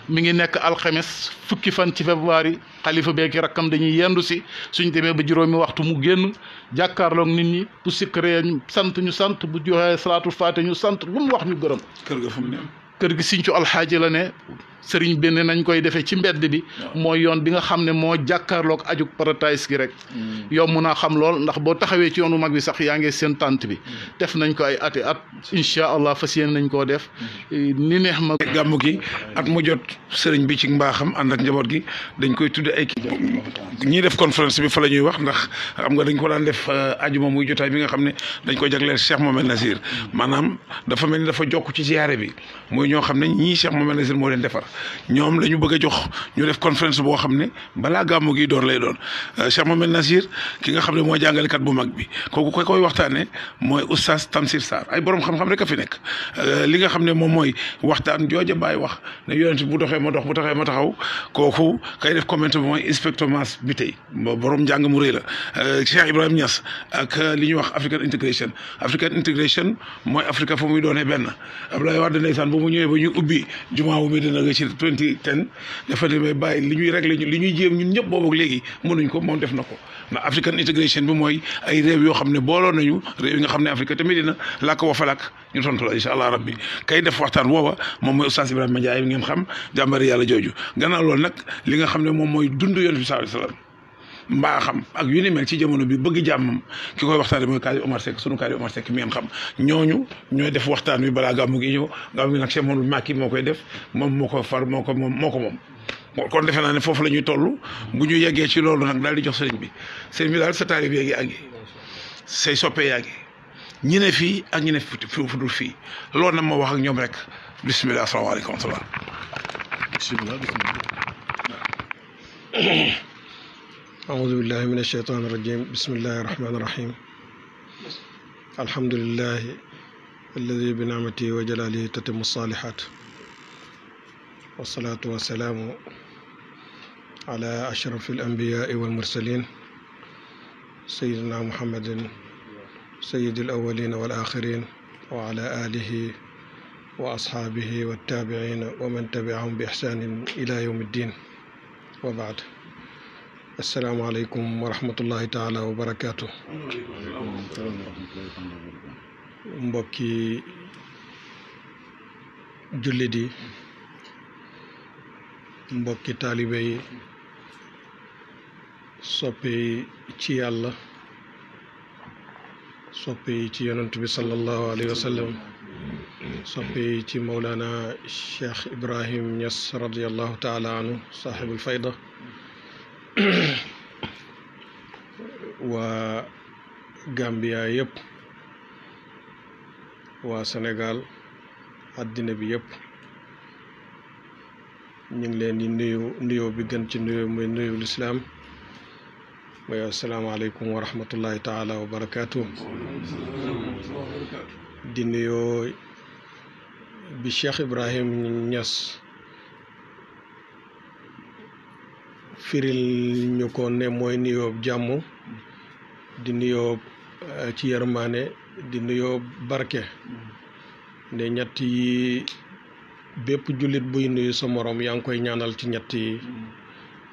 mi ngi nekk alxemes fukki fan ci février xalifa beeki rakkam dañuy yendu si suñ demee ba juróomi waxtu mu génn jàkkaarloog nit ñi bu sikkaree sant ñu sant bu joxee salaatul faate ñu sant lu mu wax ñu gërëm kër ga fu kër gi siñcu alxaaji la ne sëriñ bi ne nañ koy defee ci mbedd bi mooy yoon bi nga xam ne moo jàkkaarloog aju paratays gi rek mm. yomb naa xam lool ndax boo taxawee ci yoonu mag bi sax yaa ngi seen tànt bi mm. def nañ ko ay ati at
incha allah fas yéene nañ koo def mm. eh, ni neex ma gàmmu gi at mu jot sëriñ bi ci mbaaxam ànd ak njaboot gi dañ koy tudd ay ñii def conférence bi fa la ñuy wax ndax xam nga dañ ko daan def euh, ajuma muy jotaay bi nga xam ne dañ ko jagleel Cheikh Mohamed Nazir maanaam dafa mel ni dafa jokk ci ziyaare bi mooy ñoo xam ne ñii Cheikh Mohamed Nazir moo leen defar Nyom le nyu bëgg a jox ñu def conférence boo xam ne balaa gàmmu gi door lay doon euh, Cheikh Mohamed Nasir ki nga xam ne mooy jàngalekat bu mag bi kooku koy koy waxtaane mooy oustaz Tamsir sar. ay borom xam-xam rek a fi nekk euh, li nga xam ne moom mooy waxtaan jooja bàyyi wax ne yonent bu doxee ma dox bu taxee ma taxaw kooku kay def commentaire bi mooy inspecteur Mass bi tey borom njàng mu rëy la euh, Cheikh Ibrahima Niass ak li wax African Integration African Integration mooy Africa fu muy doonee benn Abdoulaye Wade ndeysaan bu mu ñëwee ba ñu ubbi jumaa wu Medina nga ci ci 2010 dafa demee bàyyi li ñuy réglé li ñuy jéem ñun ñëpp boobu ak léegi mënuñ ko moom def na ko ndax African intégration bi mooy ay réew yoo xam ne booloon nañu réew yi nga xam ne Afrique tamit dina làkk wa ñu tontu la incha allah rabbi kay def waxtaan booba moom mooy oustaz Ibrahima Ndiaye ngeen xam jàmbari yàlla jooju gannaaw loolu nag li nga xam ne moom mooy dund yonent bi sallallahu alayhi wa xam ak yu ni mel ci jamono bi bëgg jàmmam ki koy waxtaanee mooy Kaari Omar Seck sunu Kaari Omar Seck mi ngeen xam ñooñu ñooy def waxtaan wi balaa gàmmu gi ñëw gàmmu gi nag Cheikh Mouhamadou Macky moo koy def moom moo ko far moo ko moom moo ko moom. kon defe naa ne foofu la ñuy toll bu ñu yeggee ci loolu nag daal di jox sëriñ bi sëriñ bi daal sa taalibe bi yaa ngi say soppe yaa ngi ñi ne fii ak ñi ne fu dul fii loolu na moo wax ak ñoom rek bisimilah asalaamaaleykum wa rahmatulah.
أعوذ بالله من الشيطان الرجيم بسم الله الرحمن الرحيم الحمد لله الذي بنعمته وجلاله تتم الصالحات والصلاة والسلام على أشرف الأنبياء والمرسلين سيدنا محمد سيد الأولين والآخرين وعلى آله وأصحابه والتابعين ومن تبعهم بإحسان إلى يوم الدين وبعد asalaamaaleykum wa rahmatullahi taala wa barakaatu mbokki jullit yi mbokki taalibe yi soppe yi ci yàlla soppe yi ci yonent bi sallallahu alayhi wa sallam soppe yi ci mawlaana Cheikh Ibrahim Niass radiallahu taala anhu saaxibul fayda waa Gambia yëpp waa senegal addina bi yëpp ñu ngi leen di nuyu nuyoo bi gën ci nuyoo muy nuyu lislaam mooy asalaamaaleykum wa rahmatullahi taala wa barakaatu di nuyoo bi Cheikh Ibrahim Niass firil ñu ko ne mooy nuyoob jàmm di nuyoob eh, ci yërmaane di nuyoob barke ne ñett yi bépp jullit buy nuyu sa moroom yaa ngi koy ñaanal ci ñett yi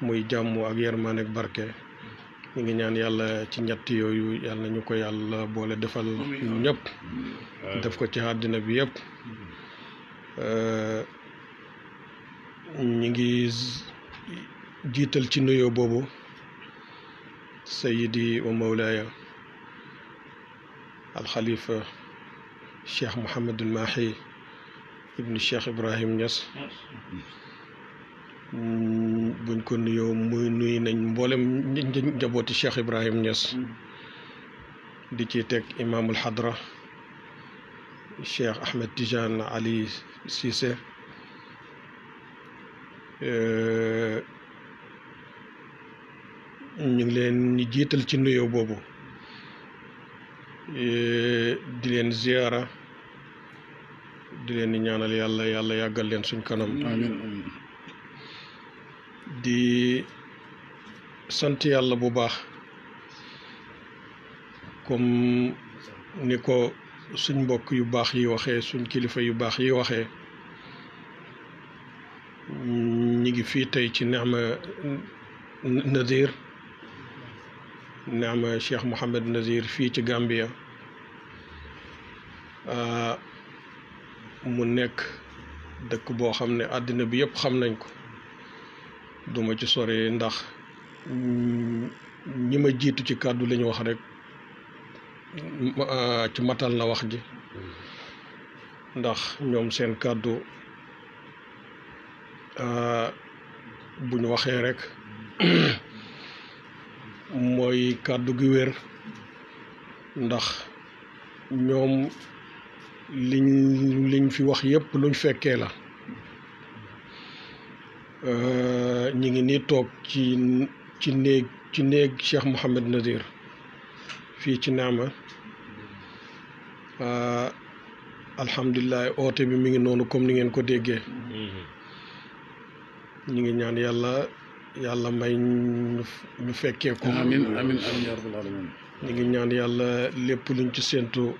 muy jàmm ak yërmaane barke ñu ngi ñaan yàlla ci ñett yooyu yàlla nañu ko yàlla boole defal ñëpp def ko ci àddina bi yëpp eh, ñu ngi جيتل شي يو بوبو سيدي ومولاي الخليفة الشيخ محمد الماحي ابن الشيخ إبراهيم نيس بن كون يوم موي نوي نان مبولم جابوت الشيخ إبراهيم نيس دي تي تك إمام الحضرة الشيخ أحمد تيجان علي سيسي ñu ngi leen ñu jiital ci nuyoo boobu di leen ziyaara di leen ñaanal yàlla yàlla yàggal leen suñ kanam di sant yàlla bu baax comme ni ko suñ mbokk yu baax yi waxee suñ kilifa yu baax yi waxee ñu ngi fii tey ci Nihma Nadir neama Cheikh Mouhamed Nazir fii ci Gambia ah, mu nekk dëkk boo xam ne àddina bi yëpp xam nañ ko duma ci sore ndax ñi ma jiitu ci kàddu la wax rek ah, ci matal na wax ji ndax ñoom seen kàddu ah, bu ñu waxee rek mooy kàddu guwér ndax ñoom li liñ fi wax yépp ñu fekkee la euh, ñi ngi nii toog ci ci néeg ci néeg Cheikh Mouhamed Nazir fii ci naama euh, alhamdulilah oote bi mi ngi noonu comme ni ngeen ko déggee mm-hmm. ñu ngi ñaan yàlla yàlla may ñu fekkee ko amiin amiin ñu ngi ñaan yàlla lépp luñ ci séentu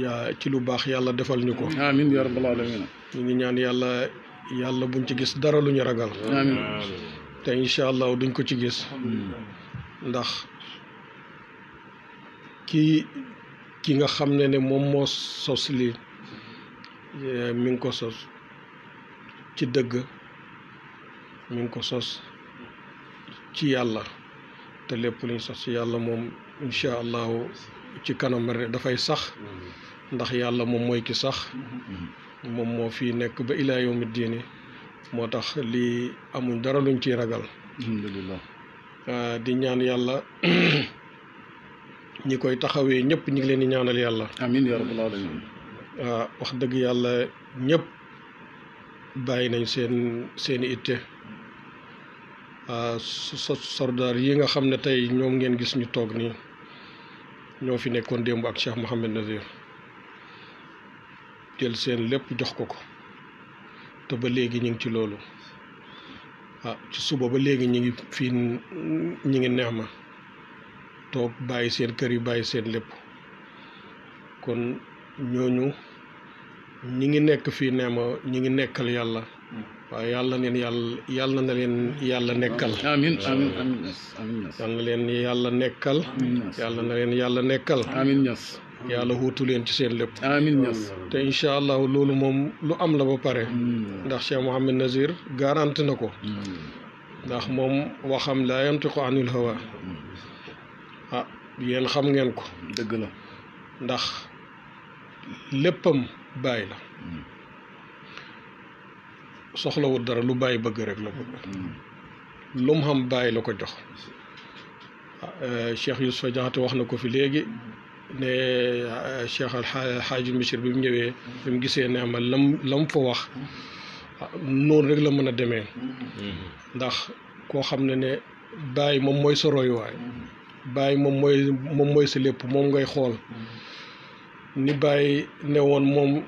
yaa ci lu baax yàlla defal ñu ko ñu ngi ñaan yàlla yàlla buñ ci gis dara lu ñu ragal amiin te incha allah duñ ko ci gis ndax ki ki nga xam ne ne moom moo sos lii eh, mi ngi ko sos ci dëgg ñu ko sos ci yàlla te lépp luñ sos ci yàlla moom incha allahu ci kanam rek dafay sax ndax yàlla moom mooy ki sax moom moo fi nekk ba ilaa yawmi diini moo tax lii dara luñ ciy ragal alhamdulillah ah, di ñaan yàlla ñi koy taxawee ñëpp ñi ngi leen di ñaanal yàlla amin ya rabbal alamin ah, wax dëgg yàlla ñëpp bàyyi nañ seen seen itte Euh, soldaar yi nga xam ne tey ñoom ngeen gis ñu toog nii ñoo fi nekkoon démb ak Cheikh Mouhamed Nazir jël seen lépp jox ko ko te ba léegi ñu ngi ci loolu ah ci suba ba léegi ñu ngi fii ñi ngi neex ma toog bàyyi seen kër yi bàyyi seen lépp kon ñooñu ñi ngi nekk fii ma ñi ngi nekkal yàlla waaye yàlla na yàlla yàlla na leen yàlla nekkal. amiin amiin amiin Niass yàlla na leen yàlla nekkal. yàlla na leen yàlla nekkal. amiin Niass. yàlla wuutu leen ci seen lépp. amiin Niass. te incha allahu loolu moom lu am la ba pare. Mm. ndax Cheikh Mouhamed Nazir garanti na ko. Mm. ndax moom waxam laa yantiqu anil hawa. ah yéen xam ngeen ko. dëgg la ndax léppam bàyyi la. Mm. soxlawul dara lu bàyyi bëgg rek la bëgg hmm. lu mu xam bàyyi la ko jox euh, Cheikh Youssoufa Diakhaté wax na ko fi léegi ne euh, Cheikh Alxaaji Misir bi mu ñëwee bi mu gisee ne ma lam lam fa wax noonu rek la mën a demee
hmm.
ndax koo xam ne ne bàyyi moom mooy sa royuwaay bàyyi moom mooy moom mooy sa lépp moom ngay xool hmm. ni bàyyi ne woon moom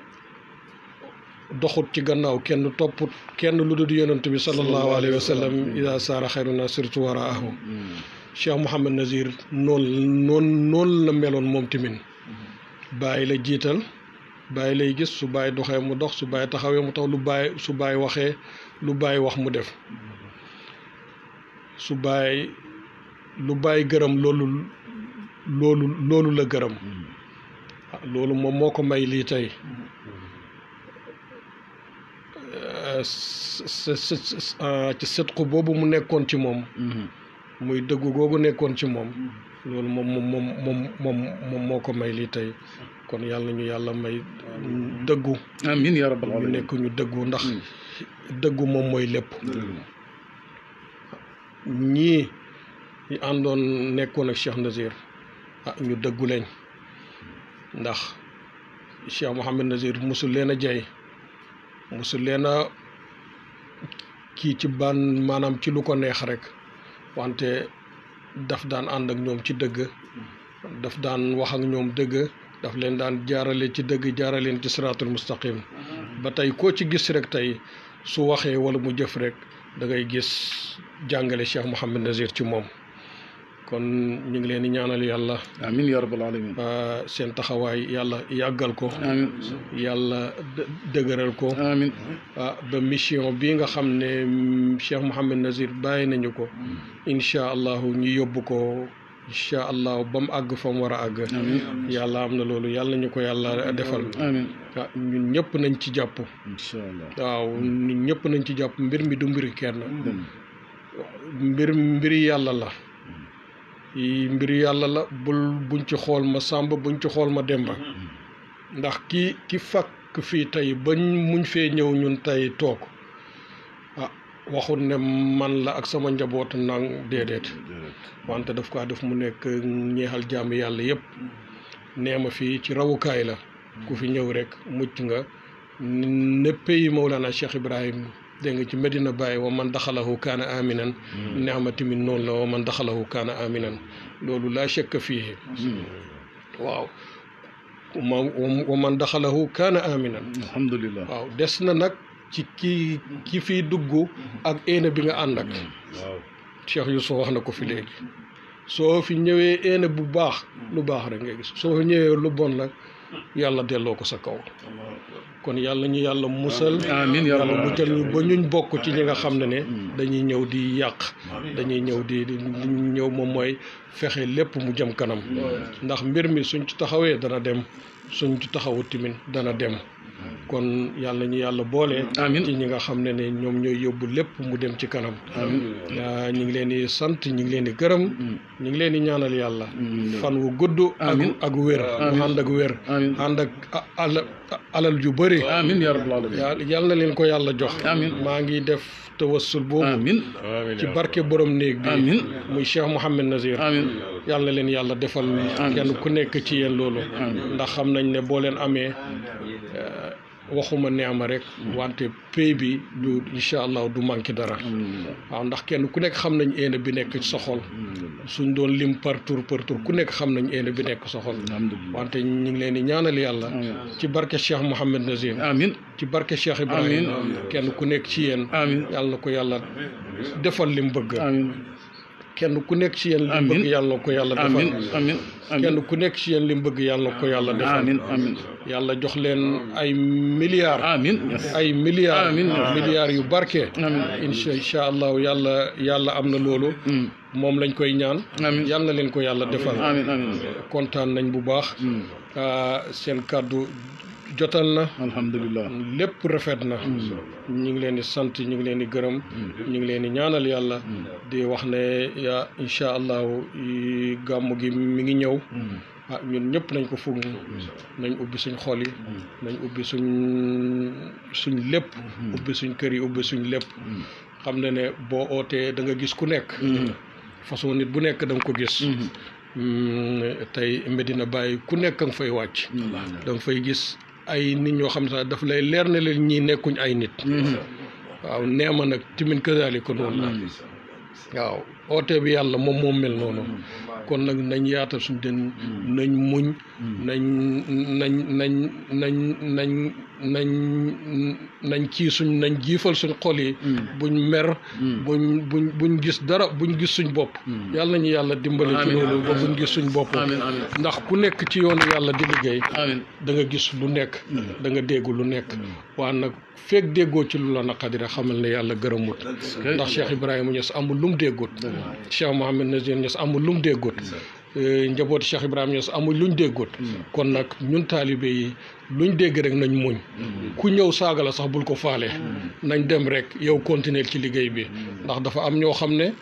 doxut ci gannaaw kenn topput kenn lu dul yonent bi sallallahu alayhi wa sallam mm. ida saara na surtout waraahu mm. cheikh mouhamad nazir noonu noon la meloon moom tamit mm-hmm. bàyyi la jiital bàyyi lay gis su bàyyi doxee mu dox su bàyyi taxawee mu tax lu bàyyi su bàyyi waxee lu bàyyi wax mu def su bàyyi lu bàyyi gërëm loolu loolu loolu la gërëm mm. ah, loolu moom moo ko may lii tey Ah, ci sëtqu boobu mu nekkoon ci moom mm-hmm. muy dëggu googu nekkoon ci moom loolu moom moom moom moom moom moo ko may lii tey kon yàlla ñu yàlla may dëggu amiin yaa rabbal aalamiin ñu nekk ñu dëggu ndax mm. dëggu moom mooy lépp ñii ñu àndoon nekkoon ak Cheikh Nazir ah ñu dëggu lañ ndax Cheikh Mouhamed Nazir mosul leen a jey mosul leen a kii ci ban maanaam ci lu ko neex rek wante daf daan ànd ak ñoom ci dëgg daf daan wax ak ñoom dëgg daf leen daan jaarale ci dëgg jaaraleen ci siraatul mustaqim ba tey koo ci gis rek tey su waxee wala mu jëf rek da ngay gis jàngale Cheikh Mouhamed Nazir ci moom kon ñu ngi leen di ñaanal yàlla. amiin yaa rabbal alamin seen taxawaay yàlla yàggal ko. amiin yàlla dëgëral ko. amiin ba mission bi nga xam ne Cheikh Mouhamed Nazir bàyyi nañu ko. incha allahu ñu yóbbu ko. incha allah ba mu àgg fa mu war a àgg. yàlla am na loolu yàlla ñu ko yàlla defal. ñun ñëpp nañ ci jàpp. waaw ñun ñëpp nañ ci jàpp mbir mi du mbiri kenn. mbir yàlla la. mbir yàlla la bul buñ ci xool ma sàmb buñ ci xool ma demba ndax ki ki fàkk fii tey bañ muñ fee ñëw ñun tey toog ah waxul ne man la ak sama njaboot nang déedéet wante daf kaa def mu nekk ñeexal jàmm yàlla yépp nee ma fii ci rawukaay la mm. ku fi ñëw rekk mucc nga neppe yi Mawlana Cheikh Ibrahim دعني تمدينا باي ومن دخله كان آمنا نعمة من نون له ومن دخله كان آمنا لولو لا شك فيه واو ومن دخله كان آمنا الحمد لله واو دسنا نك كي كيفي دغو اك اين بيغا اندك شيخ يوسف واخنا كو سو في نيوي اين بو باخ لو سو نيوي لو بون لا يالا ديلوكو سا كو kon yàlla ñu yàlla musal amiin yàlla musal ñu ba ñuñ bokk ci ñi nga xam ne ne dañuy ñëw di yàq dañuy ñëw di di ñëw moom mooy fexe lépp mu jëm kanam ndax mbir mi suñ ci taxawee dana dem suñ ci taxawu timin dana dem Mm. kon yàlla ñu yàlla boole. amiin ci ñi nga xam ne ne ñoom ñooy yóbbu lépp mu dem ci kanam. amiin ñu ngi leen di sant ñu ngi leen di gërëm. Mm. ñu ngi leen di ñaanal yàlla. Mm, fan wu gudd. amiin ak wér. amiin ànd ak wér. amiin ànd ak alal ju bëri. amiin na leen ko yàlla jox. maa ngi def. التوسل بوم امين تي بركه بروم نيك بي امين موي شيخ محمد نزير امين يالا لين يالا ديفال كين كو نيك تي يين لولو امين دا خامنا ني بولين امي waxuma neema rek wante pay bi du incha allah du manqué dara waaw ndax kenn ku nekk xam nañ eene bi nekk sa suñ doon lim par tour par tour ku nekk xam nañ eene bi nekk sa xol wante ñu ngi leen di ñaanal yàlla ci barke Cheikh Mouhamed Nazir amiin ci barke Cheikh Ibrahima kenn ku nekk ci yéen amiin yàlla ko yàlla defal lim bëgg kenn ku nekk ci yéen li mu bëgg yàlla ko yàlla defal kenn ku nekk ci yéen li mu bëgg yàlla ko yàlla defal amiin yàlla jox leen ay milliards amiin ay milliards amiin milliards yu barke insha allahu yàlla yàlla am na loolu mm. moom lañ koy ñaan yàlla na leen ko yàlla defal kontaan nañ bu baax mm. ah, seen kàddu jotal na. alhamdulilah lépp rafet na. ñu ngi leen di sant ñu ngi leen di gërëm. ñu ngi leen di ñaanal yàlla. di wax ne yaa incha allahu gàmm gi mi ngi ñëw. ah ñun ñëpp nañ ko fugg nañ ubbi suñ xol yi nañ ubbi suñ suñ lépp ubbi suñ kër yi ubbi suñ lépp xam na ne boo ootee da nga gis ku nekk façon nit bu nekk danga ko gis mm, tey Medina bàyyi ku nekk nga fay wàcc da fay gis ay nit ñoo xam sax daf lay leer ne ñii nekkuñu ay nit waaw neema nag timin kazaalika noonu mm-hmm. waaw oote bi yàlla moom moom mel noonu kon nag nañ yaatal suñ den mm. nañ muñ mm. nañ nañ nañ nañ nañ nañ nañ suñ nañ jiifal suñ xol yi mm. buñ mer buñ buñ gis dara buñ gis suñ bopp yàlla nañu yàlla dimbale ci loolu ba buñ gis suñ bopp ndax ku nekk ci yoonu yàlla di liggéey da nga gis lu nekk da nga dégg lu nekk waa nag feeg déggoo ci lu la naqadi rek xamal ne yàlla gërëmut ndax Cheikh Ibrahima Niass amul lum déggut Cheikh Mohamed Nazir Niass amul lum déggut déggut mm. euh, njabooti Cheikh Ibrahima Niass amul luñ déggut mm. kon nag ñun taalibe yi luñ dégg rek nañu muñ mm. ku ñëw saaga la sax bul ko faale nañ dem rek yow continuer ci liggéey bi ndax dafa am ñoo xam ne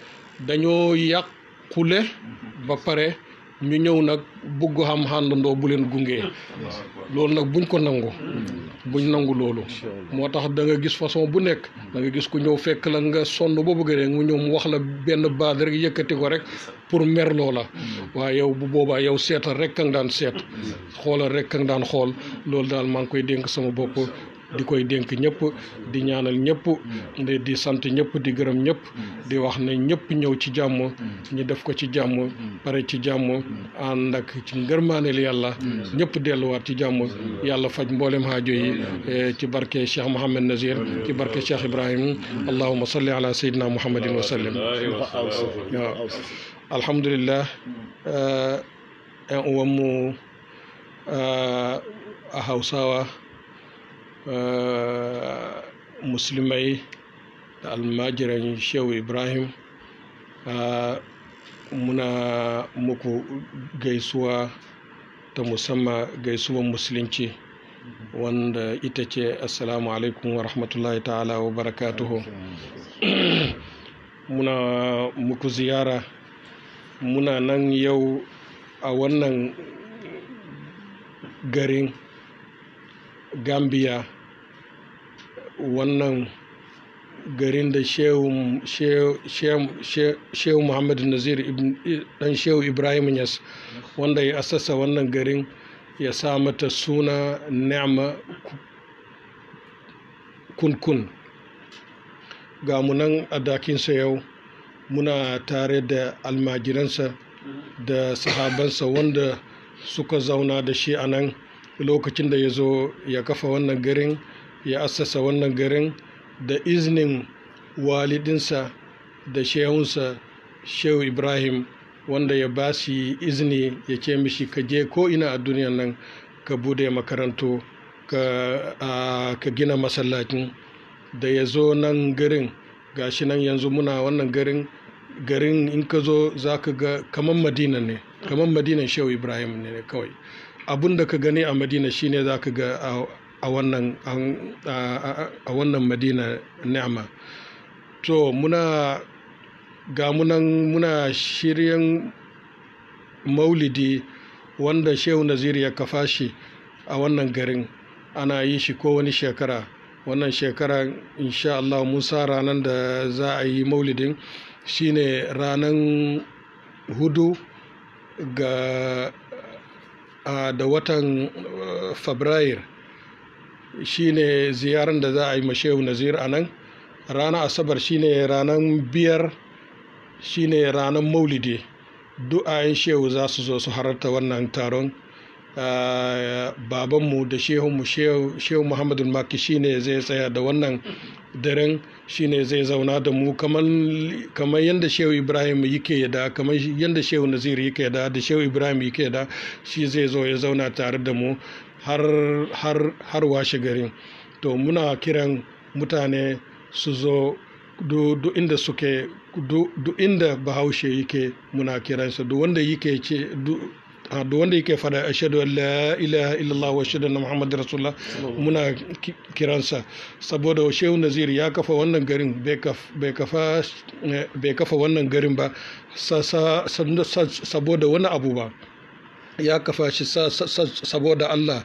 dañoo yàqule ba pare ñu ñëw nag bugg xam xàndandoo bu leen gunge loolu nag buñ ko nangu buñ nangu loolu moo tax da nga gis façon bu nekk da gis ku ñëw fekk la nga sonn ba bëgg rek mu ñëw mu wax la benn baat rek yëkkati ko rek pour mer la waaye yow bu boobaa yow seetal rek ka nga daan seet xoolal rek ka nga daan xool loolu daal maa ngi koy dénk sama bopp di koy dénk ñëpp di ñaanal ñëpp di sant ñëpp di gërëm ñëpp di wax ne ñëpp ñëw ci jàmm ñu def ko ci jàmm pare ci jàmm ànd ak ci ngërmaaneel yàlla ñëpp delluwaat ci jàmm yàlla faj mboolem haajo yi eh, ci barke Cheikh Mouhamed Nazir ci barke Cheikh Ibrahim allahuma salli ala sayyidina muhammadin wa sallim waaw alhamdulillah en eh, uwanmu eh, a hausawa Eh, musulmai da almajiran shehu ibrahim eh, muna muku gaisuwa ta musamman gaisuwan musulunci wanda ita ce assalamu alaikum wa rahmatullahi ta'ala wa barakatuhu muna muku ziyara muna nan yau a wannan garin gambia wannan garin da shehu muhammadu nazir dan shehu ibrahim yas wanda ya asasa wannan garin ya sa mata suna nema kunkun ga munan a dakinsa yau muna tare da almajiransa da sahabansa wanda suka zauna da shi a nan lokacin da ya zo ya kafa wannan garin ya assasa wannan garin da iznin walidinsa da shehunsa shehu ibrahim wanda ya ba shi izini ya ce mishi ka je ko ina a duniya nan ka bude makarantu ka gina masallacin da ya zo nan garin gashi nan yanzu muna wannan garin garin in ka zo za ka ga kamar madina ne kamar madinan shehu ibrahim ne kawai abun da ka gani a madina shine za ka ga a wannan madina ni'ama to muna ga munan muna shiryan maulidi wanda shehu nazir ya kafa shi a wannan garin ana yi shi ko wani shekara wannan shekara insha Allah musa ranar da za a yi maulidin shine ranar hudu ga da watan eh, fabrairu shine ziyarar da za a yi mashehu nazir a nan ranar asabar shine ranar biyar shine ranar maulidi du'ayen shehu za su zo su halarta wannan taron ah, babanmu da shehunmu shehu muhammadu maki shine zai tsaya da wannan daren shine zai zauna da mu kamar yadda shehu ibrahim yake da kamar yadda shehu nazir yake da da shehu ibrahim yake da shi zai zo ya zauna tare da mu har washe garin to muna kiran mutane su zo duk inda suke duk inda bahaushe yake muna kiransa duk wanda yake ce duk wanda yake fada ashhadu la ilaha illallah wa ashhadu anna rasulullah muna kiransa saboda shehu nazir ya kafa wannan garin bai eh, kafa wannan garin ba saboda wani abu ba ya kafa shi saboda Allah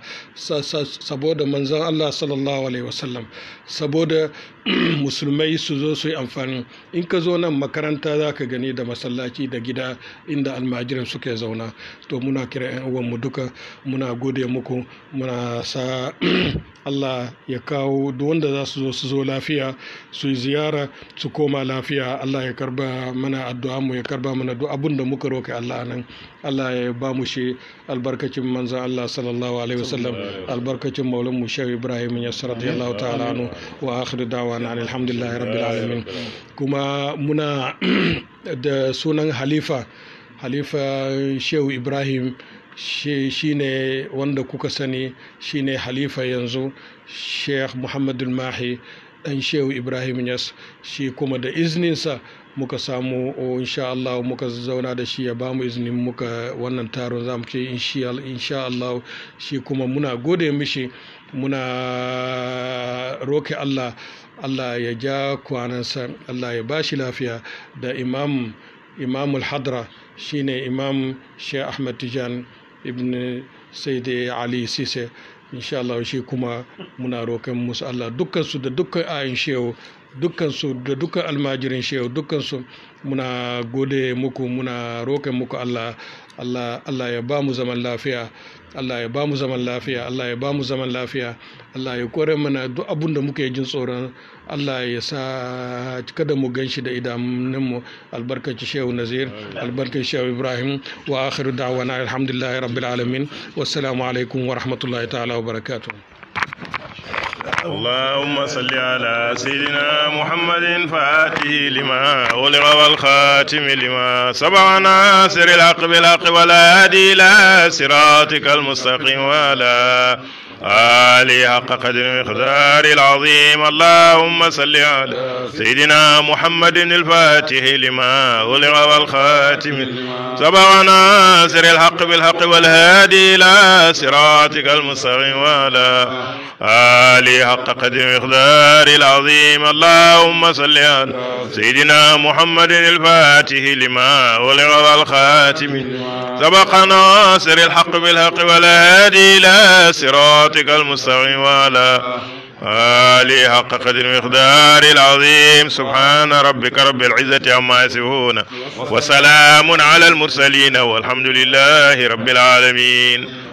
saboda manzon Allah sallallahu alaihi wasallam saboda musulmai su zo su yi amfani in ka zo nan makaranta za ka gani da masallaci da gida inda almajiran suke zauna to muna kira 'yan uwanmu duka muna gode muku muna sa Allah ya kawo duk wanda za su zo su zo lafiya su yi ziyara su koma lafiya Allah ya karba mana addu'a mu ya karba mana duk abin da muka roƙe Allah nan Allah ya ba mu shi albarkacin manzan Allah sallallahu alaihi wasallam albarkacin maulan mu shehu Ibrahim ya wa ta'ala nu wa akhiru da'wana alhamdulillahi rabbil alamin kuma muna da sunan halifa halifa shehu Ibrahim shi ne wanda kuka sani shi ne halifa yanzu sheikh muhammadul mahi dan shehu ibrahim yas shi kuma da izninsa muka samu oh, insha Allah muka zauna da shi ya ba mu izinin muka wannan taron za mu ce insha Allah shi kuma muna gode mishi muna roke Allah Allah ya ja kwanansa Allah ya ba shi lafiya da imam imamul hadra shine imam Sheikh Ahmad Tijan ibn Sayyid Ali Sise insha Allah shi kuma muna roken musu Allah dukkan da dukkan ayin shehu dukkansu da dukkan almajirin shehu dukkansu muna gode muku muna roƙon muku Allah Allah ya ba mu zaman lafiya Allah ya ba mu zaman lafiya Allah ya ba mu zaman lafiya Allah ya kore mana duk abun da muke jin tsoron Allah ya sa kada mu ganshi da idanunmu albarkaci Shehu Nazir albarkaci Shehu Ibrahim wa akhiru da'wana alhamdulillahi rabbil alamin wassalamu alaikum wa rahmatullahi ta'ala wa barakatuh
اللهم صل على سيدنا محمد فاته لما ولغ والخاتم لما سبع ناصر الاقبل بالحق ولا هادي الى صراطك المستقيم ولا آله حق قدر المقدار العظيم اللهم صل على سيدنا محمد الفاتح لما أغلق والخاتم سبع ناصر الحق بالحق والهادي إلى صراطك المستقيم وعلى آله حق قدر المقدار العظيم اللهم صل على سيدنا محمد الفاتح لما أغلق والخاتم سبق ناصر الحق بالحق والهادي إلى صراطك صراطك المستقيم وعلى آله حق قدر المقدار العظيم سبحان ربك رب العزة عما يصفون وسلام على المرسلين والحمد لله رب العالمين